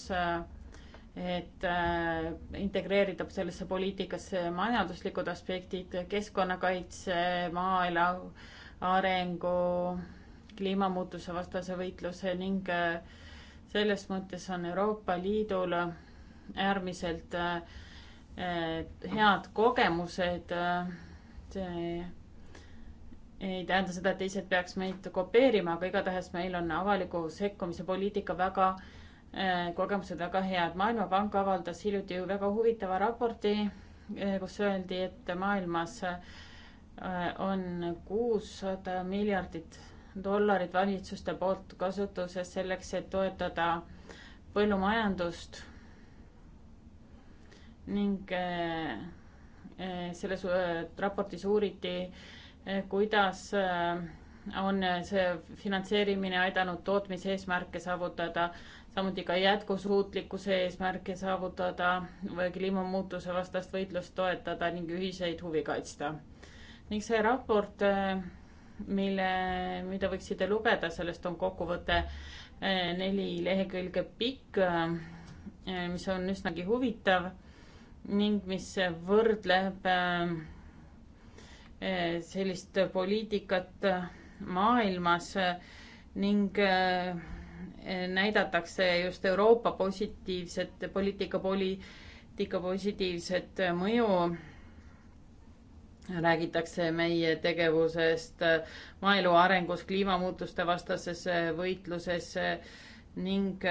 et äh, integreerida sellesse poliitikasse majanduslikud aspektid, keskkonnakaitse, maaelu arengu, kliimamuutuse vastase võitluse ning äh, selles mõttes on Euroopa Liidul äärmiselt äh, head kogemused. see ei tähenda seda, et teised peaks meid kopeerima, aga igatahes meil on avaliku sekkumise poliitika väga äh, Äh, kogemused väga head. maailmapank avaldas hiljuti väga huvitava raporti, äh, kus öeldi, et maailmas äh, on kuussada miljardit dollarit valitsuste poolt kasutuses selleks, et toetada põllumajandust ning selles raportis uuriti, kuidas on äh, see finantseerimine aidanud tootmise eesmärke saavutada, samuti ka jätkusuutlikkuse eesmärke saavutada, kliimamuutuse vastast võitlust toetada ning ühiseid huvi kaitsta. ning see raport, äh, mille, mida võiksite lugeda, sellest on kokkuvõte äh, neli lehekülge pikk, mis on üsnagi huvitav ning mis võrdleb sellist poliitikat maailmas eh, ning eh, eh, näidatakse just Euroopa positiivset poliitika, poliitika positiivset mõju. räägitakse meie tegevusest maaelu arengus, kliimamuutuste vastases võitluses ning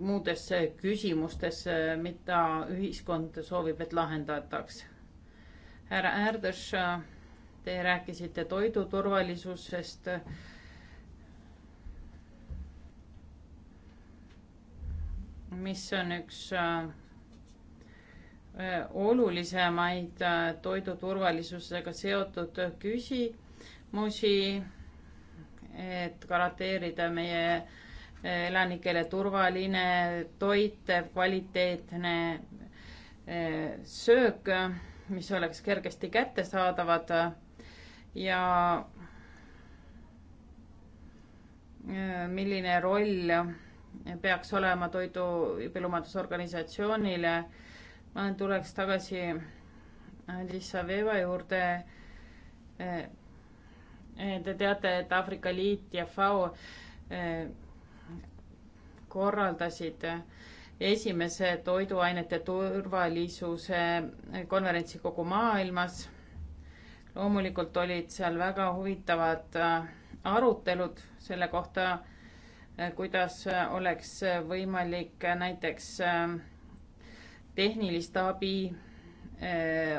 muudes küsimustes, mida ühiskond soovib, et lahendataks. härra Erdős Te rääkisite toidu turvalisusest. mis on üks äh, olulisemaid äh, toidu turvalisusega seotud küsimusi, et garanteerida meie äh, elanikele turvaline toit, kvaliteetne söök, mis oleks kergesti kättesaadavad ja äh, milline roll peaks olema toidu ja põllumajandusorganisatsioonile. ma tuleks tagasi Alissa Veva juurde. Äh, te teate, et Aafrika Liit ja FAO äh, korraldasid esimese toiduainete turvalisuse konverentsi kogu maailmas loomulikult olid seal väga huvitavad äh, arutelud selle kohta, äh, kuidas äh, oleks võimalik näiteks tehnilist abi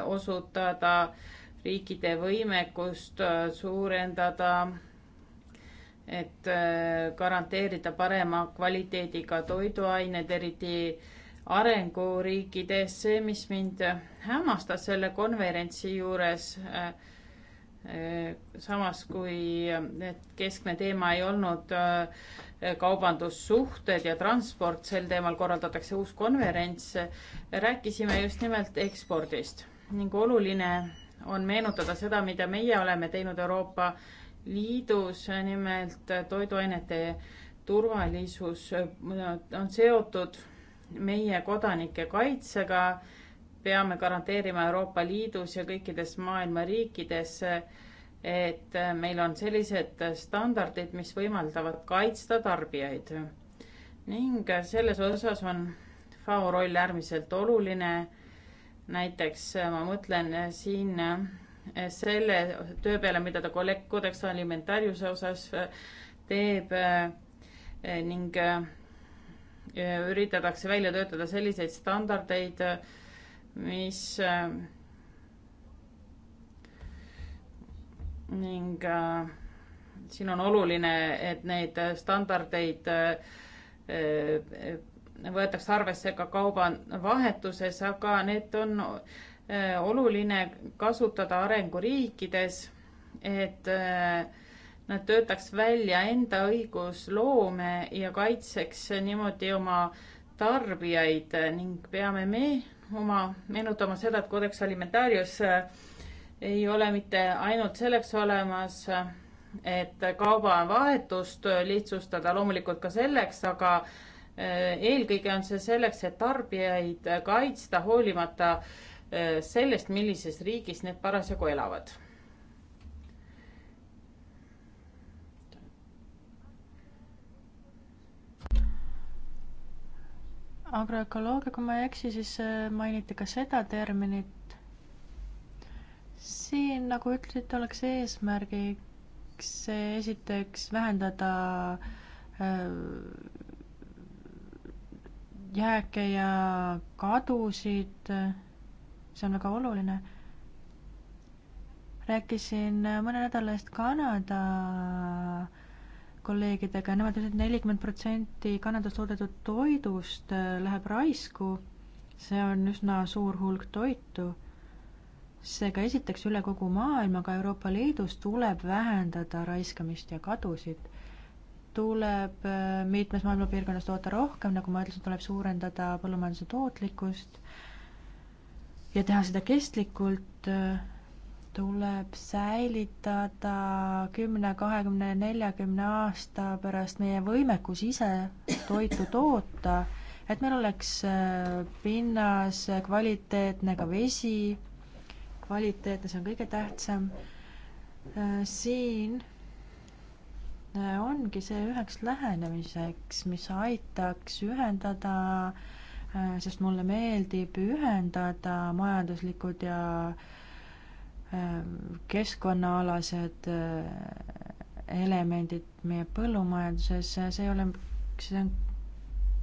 osutada, riikide võimekust suurendada, et garanteerida parema kvaliteediga toiduained, eriti arenguriikides. see, mis mind hämmastas selle konverentsi juures, äh, samas kui äh, keskne teema ei olnud äh, kaubandussuhted ja transport, sel teemal korraldatakse uus konverents, rääkisime just nimelt ekspordist ning oluline on meenutada seda, mida meie oleme teinud Euroopa Liidus, nimelt toiduainete turvalisus on seotud meie kodanike kaitsega, peame garanteerima Euroopa Liidus ja kõikides maailma riikides, et meil on sellised standardid, mis võimaldavad kaitsta tarbijaid. ning selles osas on FAO roll äärmiselt oluline. näiteks ma mõtlen siin selle töö peale, mida ta kollek-, kodeks alimentariuse osas teeb ning Eh, üritatakse välja töötada selliseid standardeid, eh, mis eh, ning äh, siin on oluline, et neid standardeid äh, võetakse arvesse ka kaubavahetuses, aga need on äh, oluline kasutada arenguriikides, et äh, nad töötaks välja enda õigusloome ja kaitseks niimoodi oma tarbijaid ning peame me oma, meenutama seda, et Codex Alimentarius äh, ei ole mitte ainult selleks olemas, et kaubavahetust lihtsustada, loomulikult ka selleks, aga äh, eelkõige on see selleks, et tarbijaid kaitsta hoolimata äh, sellest, millises riigis need parasjagu elavad agroökoloogia, kui ma ei eksi, siis äh, mainiti ka seda terminit. siin, nagu ütlesite, oleks eesmärgiks äh, esiteks vähendada äh, jääke ja kadusid, see on väga oluline. rääkisin mõne nädala eest Kanada äh, kolleegidega, nemad ütlesid, et nelikümmend protsenti Kanadas toodetud toidust äh, läheb raisku, see on üsna suur hulk toitu, seega esiteks üle kogu maailma, ka Euroopa Liidus tuleb vähendada raiskamist ja kadusid tuleb äh, mitmes maailma piirkonnas toota rohkem, nagu ma ütlesin, tuleb suurendada põllumajanduse tootlikkust ja teha seda kestlikult äh, tuleb säilitada kümne, kahekümne, neljakümne aasta pärast meie võimekus ise toitu toota, et meil oleks äh, pinnas kvaliteetne ka vesi, kvaliteetne, see on kõige tähtsam. Äh, siin äh, ongi see üheks lähenemiseks, mis aitaks ühendada sest mulle meeldib ühendada majanduslikud ja äh, keskkonnaalased äh, elemendid meie põllumajanduses, see ei ole, see on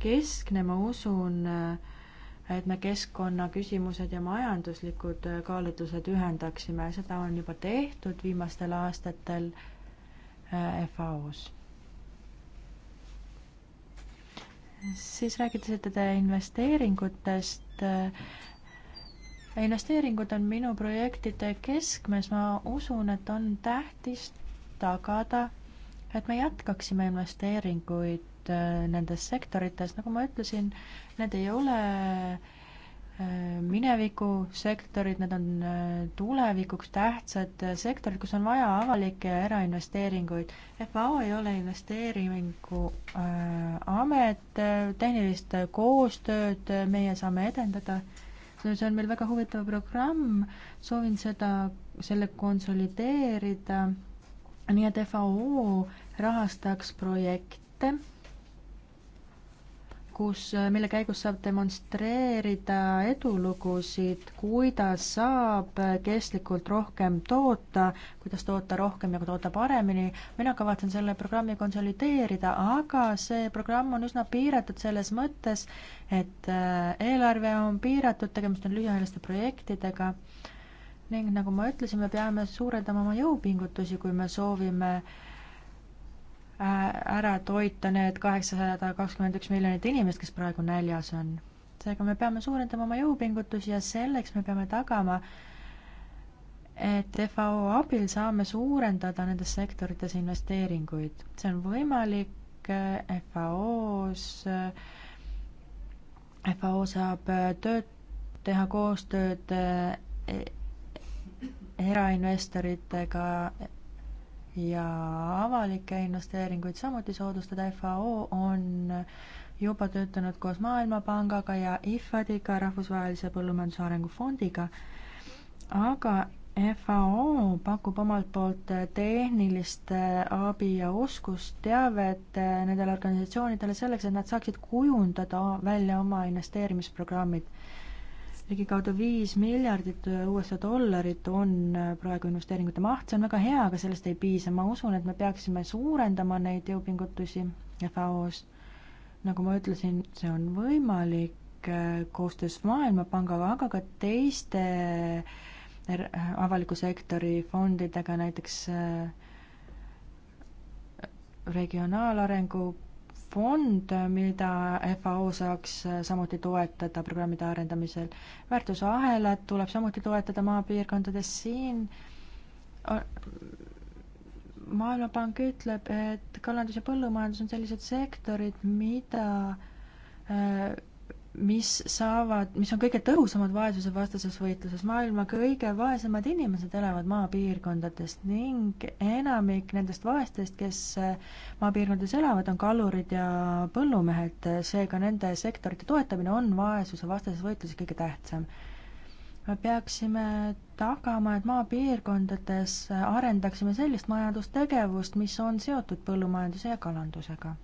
keskne, ma usun, äh, et me keskkonnaküsimused ja majanduslikud äh, kaalutlused ühendaksime, seda on juba tehtud viimastel aastatel FAO-s. siis räägite te investeeringutest investeeringud on minu projektide keskmes, ma usun, et on tähtis tagada, et me jätkaksime investeeringuid äh, nendes sektorites, nagu ma ütlesin, need ei ole äh, minevikusektorid, need on äh, tulevikuks tähtsad sektorid, kus on vaja avalikke ja erainvesteeringuid. FAO ei ole investeeringu äh, amet, tehnilist koostööd meie saame edendada äh, see on meil väga huvitav programm, soovin seda, selle konsolideerida, nii et FAO rahastaks projekte kus, mille käigus saab demonstreerida edulugusid, kuidas saab kestlikult rohkem toota, kuidas toota rohkem ja toota paremini. mina kavatsen selle programmi konsolideerida, aga see programm on üsna piiratud selles mõttes, et äh, eelarve on piiratud, tegemist on lühiajaliste projektidega ning nagu ma ütlesin, me peame suurendama oma jõupingutusi, kui me soovime äh, ära toita need kaheksasada kakskümmend üks miljonit inimest, kes praegu näljas on. seega me peame suurendama oma jõupingutusi ja selleks me peame tagama, et FAO abil saame suurendada nendes sektorites investeeringuid. see on võimalik äh, FAO-s, äh, FAO saab äh, tööd, teha koostööd e-, erainvestoritega ja avalikke investeeringuid samuti soodustada. FAO on juba töötanud koos Maailmapangaga ja IFAD-iga, Rahvusvahelise Põllumajanduse Arengu Fondiga, aga FAO pakub omalt poolt tehnilist abi ja oskusteavet nendele organisatsioonidele selleks, et nad saaksid kujundada välja oma investeerimisprogrammid ligikaudu viis miljardit USA dollarit on äh, praegu investeeringute maht, see on väga hea, aga sellest ei piisa, ma usun, et me peaksime suurendama neid jõupingutusi FAO-s. nagu ma ütlesin, see on võimalik äh, koostöös Maailmapangaga, aga ka teiste äh, avaliku sektori fondidega, näiteks regionaalarengu fond, mida FAO saaks samuti toetada programmide arendamisel. väärtusahelad tuleb samuti toetada maapiirkondades, siin äh, Maailmapank ütleb, et kalandus ja põllumajandus on sellised sektorid, mida äh, mis saavad, mis on kõige tõhusamad vaesusevastases võitluses. maailma kõige vaesemad inimesed elavad maapiirkondadest ning enamik nendest vaestest, kes maapiirkondades elavad, on kallurid ja põllumehed, seega nende sektorite toetamine on vaesusevastases võitluses kõige tähtsam. me peaksime tagama, et maapiirkondades arendaksime sellist majandustegevust, mis on seotud põllumajanduse ja kalandusega.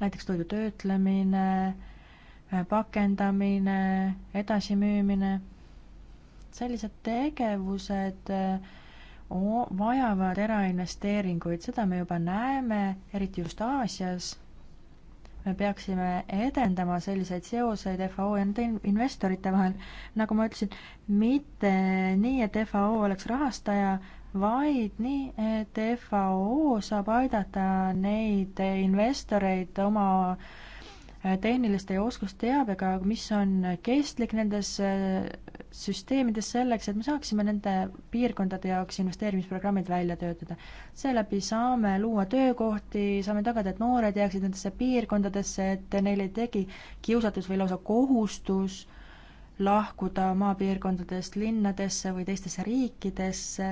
näiteks toidu töötlemine, Äh, pakendamine, edasimüümine, sellised tegevused äh, vajavad erainvesteeringuid, seda me juba näeme, eriti just Aasias. me peaksime edendama selliseid seoseid FAO ja nende investorite vahel, nagu ma ütlesin, mitte nii, et FAO oleks rahastaja, vaid nii, et FAO saab aidata neid investoreid oma äh, Äh, tehniliste ja oskusteabega, mis on kestlik nendes äh, süsteemides selleks, et me saaksime nende piirkondade jaoks investeerimisprogrammid välja töötada. seeläbi saame luua töökohti, saame tagada, et noored jääksid nendesse piirkondadesse, et neil ei teki kiusatus või lausa kohustus lahkuda maapiirkondadest linnadesse või teistesse riikidesse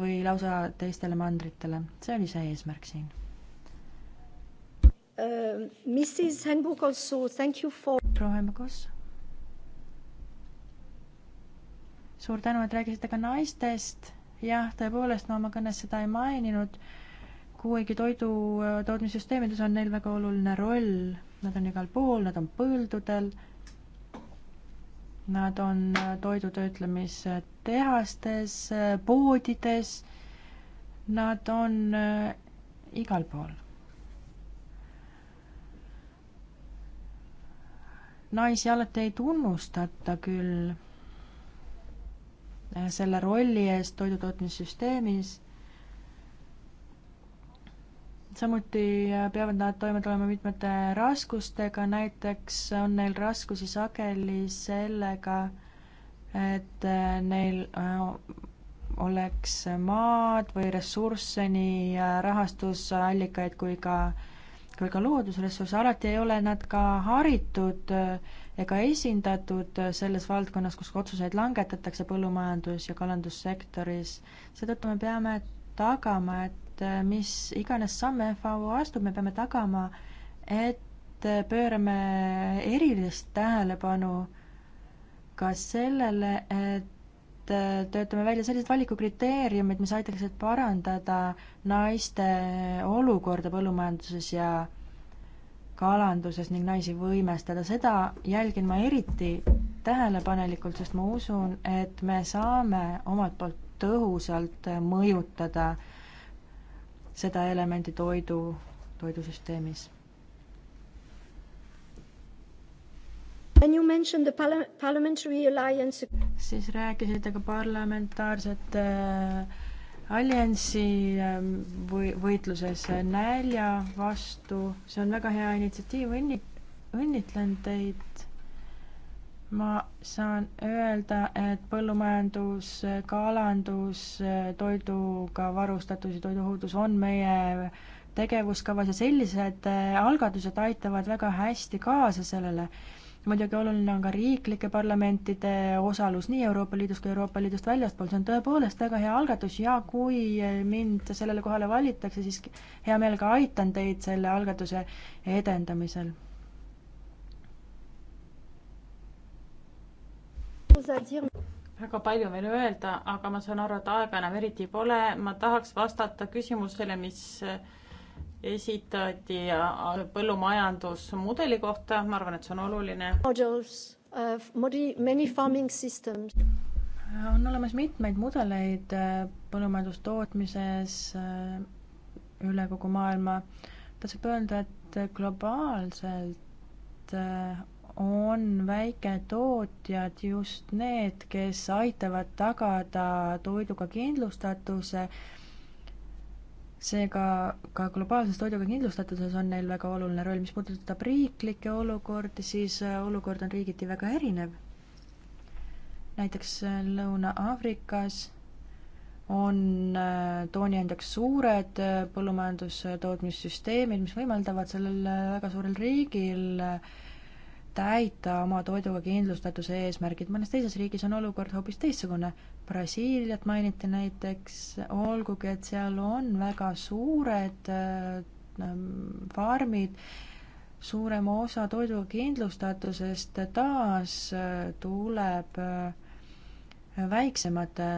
või lausa teistele mandritele. see oli see eesmärk siin Uh, Mrs. Henbuk also, thank you for. proua Henbukos. suur tänu, et rääkisite ka naistest. jah, tõepoolest, ma oma kõnes seda ei maininud, kuigi toidu äh, tootmissüsteemides on neil väga oluline roll. Nad on igal pool, nad on põldudel Nad on äh, toidutöötlemistehastes, äh, poodides, nad on igal pool naisi alati ei tunnustata küll eh, selle rolli eest toidutootmissüsteemis. samuti eh, peavad nad toime tulema mitmete raskustega, näiteks on neil raskusi sageli sellega, et eh, neil oleks maad või ressursse, nii rahastusallikaid kui ka äh, kui ka loodusressursse, alati ei ole nad ka haritud äh, ega esindatud äh, selles valdkonnas, kus otsuseid langetatakse põllumajandus- ja kalandussektoris. seetõttu me peame tagama, et äh, mis iganes samme FAO astub, me peame tagama, et pöörame erilist tähelepanu ka sellele, et Äh, töötame välja sellised valikukriteeriumid, mis aitaksid parandada naiste olukorda põllumajanduses ja kalanduses ning naisi võimestada, seda jälgin ma eriti tähelepanelikult, sest ma usun, et me saame omalt poolt tõhusalt mõjutada seda elementi toidu, toidusüsteemis siis rääkisite ka parlamentaarsete äh, alliansi ähm, või võitluses nälja vastu, see on väga hea initsiatiiv, õnni-, õnnitlen teid. ma saan öelda, et põllumajandus, kalandus, toiduga varustatus ja toiduohutus on meie tegevuskavas ja sellised äh, algatused aitavad väga hästi kaasa sellele muidugi oluline on ka riiklike parlamentide osalus nii Euroopa Liidus kui Euroopa Liidust väljaspool, see on tõepoolest väga hea algatus ja kui mind sellele kohale valitakse, siis hea meelega aitan teid selle algatuse edendamisel. väga palju on veel öelda, aga ma saan aru, et aega enam eriti pole, ma tahaks vastata küsimusele, mis esitati äh, põllumajandusmudeli kohta, ma arvan, et see on oluline. Äh, on olemas mitmeid mudeleid äh, põllumajandustootmises üle kogu maailma. tahtsin öelda, et globaalselt on väiketootjad just need, kes aitavad tagada toiduga kindlustatuse seega ka globaalses toiduga kindlustatuses on neil väga oluline roll, mis puudutab riiklikke olukordi, siis äh, olukord on riigiti väga erinev. näiteks äh, Lõuna-Aafrikas on äh, tooniandjaks suured põllumajandustootmissüsteemid, mis võimaldavad sellel väga suurel riigil äh, täita oma toiduga kindlustatuse eesmärgid, mõnes teises riigis on olukord hoopis teistsugune. Brasiiliat mainiti näiteks, olgugi et seal on väga suured äh, ähm, farmid, suurema osa toiduga kindlustatusest taas äh, tuleb äh, väiksemate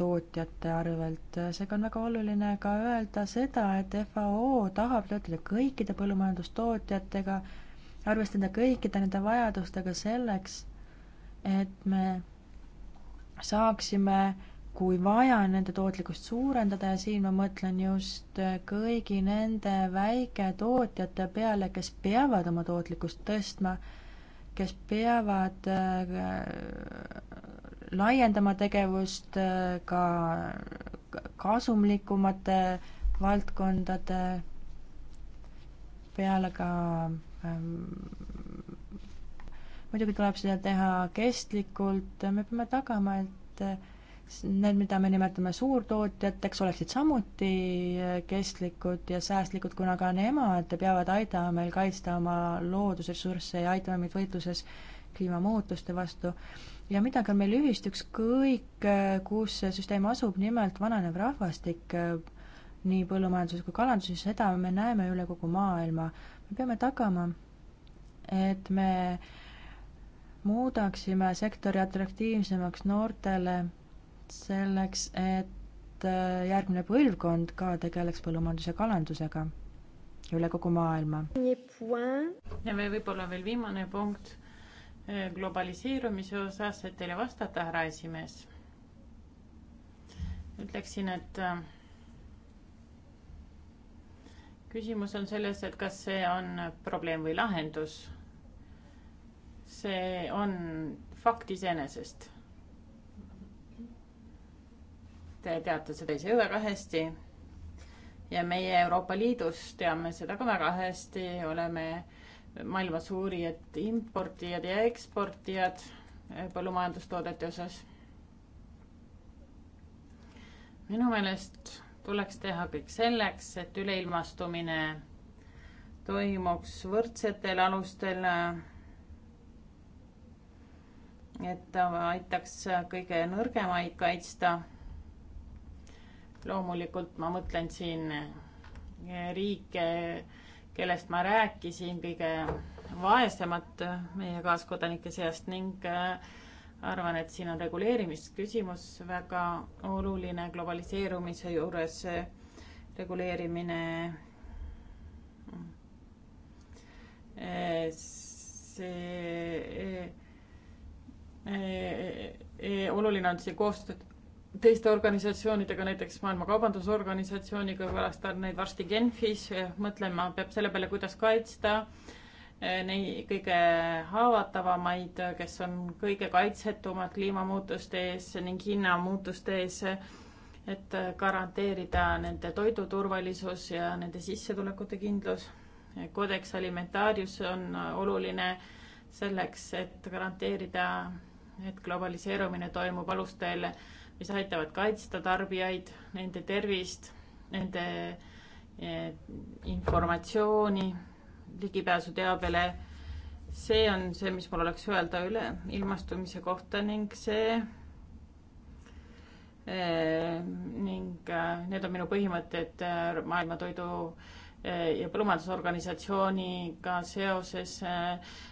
tootjate arvelt. seega on väga oluline ka öelda seda, et FAO tahab töötada kõikide põllumajandustootjatega arvestada kõikide nende vajadustega selleks, et me saaksime, kui vaja, nende tootlikkust suurendada ja siin ma mõtlen just äh, kõigi nende väiketootjate peale, kes peavad oma tootlikkust tõstma, kes peavad äh, laiendama tegevust äh, ka kasumlikumate valdkondade peale, ka Ehm, muidugi tuleb seda teha kestlikult, me peame tagama, et eh, need, mida me nimetame suurtootjateks, oleksid samuti eh, kestlikud ja säästlikud, kuna ka nemad peavad aitama meil kaitsta oma loodusressursse ja aitama meid võitluses kliimamuutuste vastu. ja midagi on meil ühist, ükskõik eh, kus see süsteem asub, nimelt vananev rahvastik, nii põllumajanduses kui kalanduses, seda me näeme üle kogu maailma me peame tagama, et me muudaksime sektori atraktiivsemaks noortele selleks, et äh, järgmine põlvkond ka tegeleks põllumajanduse kalandusega üle kogu maailma. ja veel võib-olla veel viimane punkt äh, globaliseerumise osas, et teile vastata, härra esimees. ütleksin, et äh, küsimus on selles, et kas see on probleem või lahendus. see on fakt iseenesest. Te teate seda ise väga hästi. ja meie Euroopa Liidus teame seda ka väga hästi, oleme maailma suurijad importijad ja eksportijad põllumajandustoodete osas. minu meelest tuleks teha kõik selleks, et üleilmastumine toimuks võrdsetel alustel. et ta aitaks kõige nõrgemaid kaitsta. loomulikult ma mõtlen siin riike, kellest ma rääkisin, kõige vaesemad meie kaaskodanike seast ning äh, arvan, et siin on reguleerimisküsimus väga oluline globaliseerumise juures. reguleerimine, eh, see eh, eh, oluline on see koostööd teiste organisatsioonidega, näiteks Maailma Kaubandusorganisatsiooniga, külastan neid varsti Genfis, mõtlema peab selle peale, kuidas kaitsta äh, Eh, neid kõige haavatavamaid, kes on kõige kaitsetumad kliimamuutuste ees ning hinnamuutuste ees, et garanteerida nende toiduturvalisus ja nende sissetulekute kindlus. kodeks eh, alimentaarius on oluline selleks, et garanteerida, et globaliseerumine toimub alustel, mis aitavad kaitsta tarbijaid, nende tervist, nende eh, informatsiooni ligipääsu teabele. see on see, mis mul oleks öelda üle ilmastumise kohta ning see eh, ning eh, need on minu põhimõtted eh, Maailma Toidu ja Põllumajandusorganisatsiooniga seoses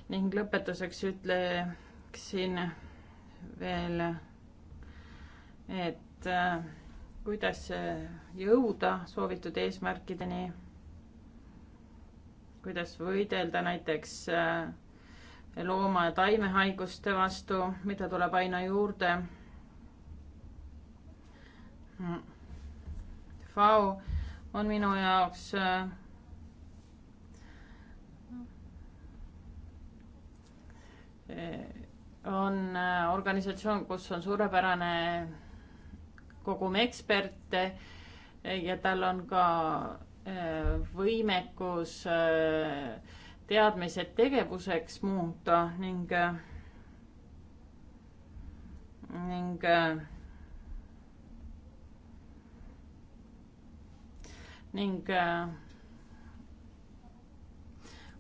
ning lõpetuseks ütleksin veel, et kuidas jõuda soovitud eesmärkideni kuidas võidelda näiteks äh, looma- ja taimehaiguste vastu, mida tuleb aina juurde. FAO on minu jaoks äh, on äh, organisatsioon, kus on suurepärane kogum eksperte ja tal on ka võimekus äh, teadmised tegevuseks muuta ning, äh, ning äh, ning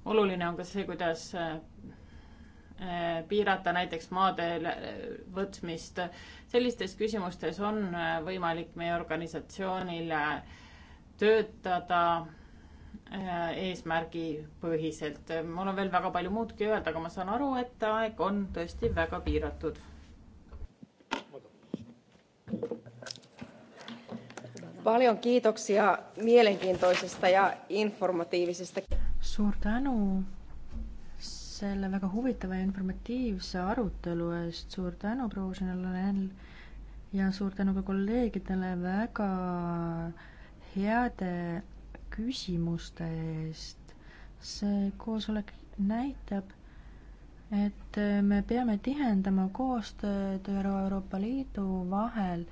oluline on ka see, kuidas piirata näiteks maade võtmist. sellistes küsimustes on võimalik meie organisatsioonile töötada äh, eesmärgipõhiselt. mul on veel väga palju muudki öelda, aga ma saan aru, et aeg on tõesti väga piiratud. paljon kiitoksia mielenkiintoisesta ja informatiivisesta. suur tänu selle väga huvitava ja informatiivse arutelu eest, suur tänu, proua Žinel ja suur tänu ka kolleegidele väga heade küsimuste eest. see koosolek näitab, et me peame tihendama koostööd ÜRO Euroopa Liidu vahel.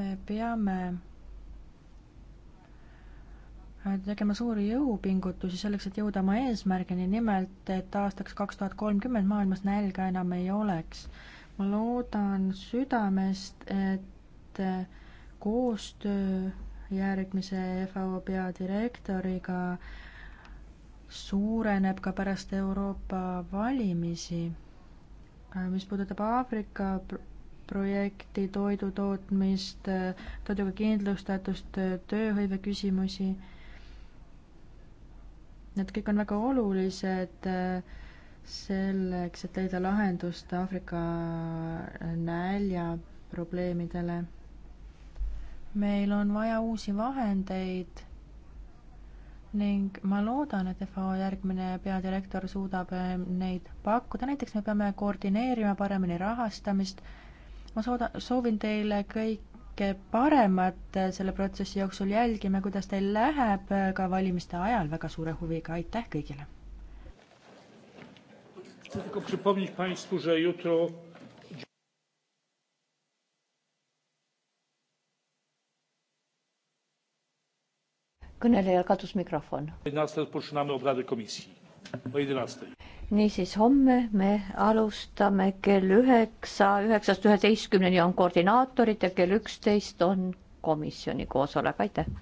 me peame tegema suuri jõupingutusi selleks, et jõuda oma eesmärgini, nimelt et aastaks kaks tuhat kolmkümmend maailmas nälga enam ei oleks. ma loodan südamest, et koostöö järgmise FAO peadirektoriga suureneb ka pärast Euroopa valimisi. Äh, mis puudutab Aafrika projekti, toidutootmist, äh, toiduga kindlustatust, äh, tööhõive küsimusi, need kõik on väga olulised selleks, et leida lahendust Aafrika nälja probleemidele meil on vaja uusi vahendeid ning ma loodan, et FAO järgmine peadirektor suudab eh, neid pakkuda, näiteks me peame koordineerima paremini rahastamist. ma sooda-, soovin teile kõike paremat eh, selle protsessi jooksul, jälgime, kuidas teil läheb eh, ka valimiste ajal väga suure huviga, aitäh kõigile! Chcę tylko przypomnieć Państwu, że jutro kõnelejal kadus mikrofon. niisiis, homme me alustame kell üheksa, üheksast üheteistkümneni on koordinaatorid ja kell üksteist on komisjoni koosolek, aitäh!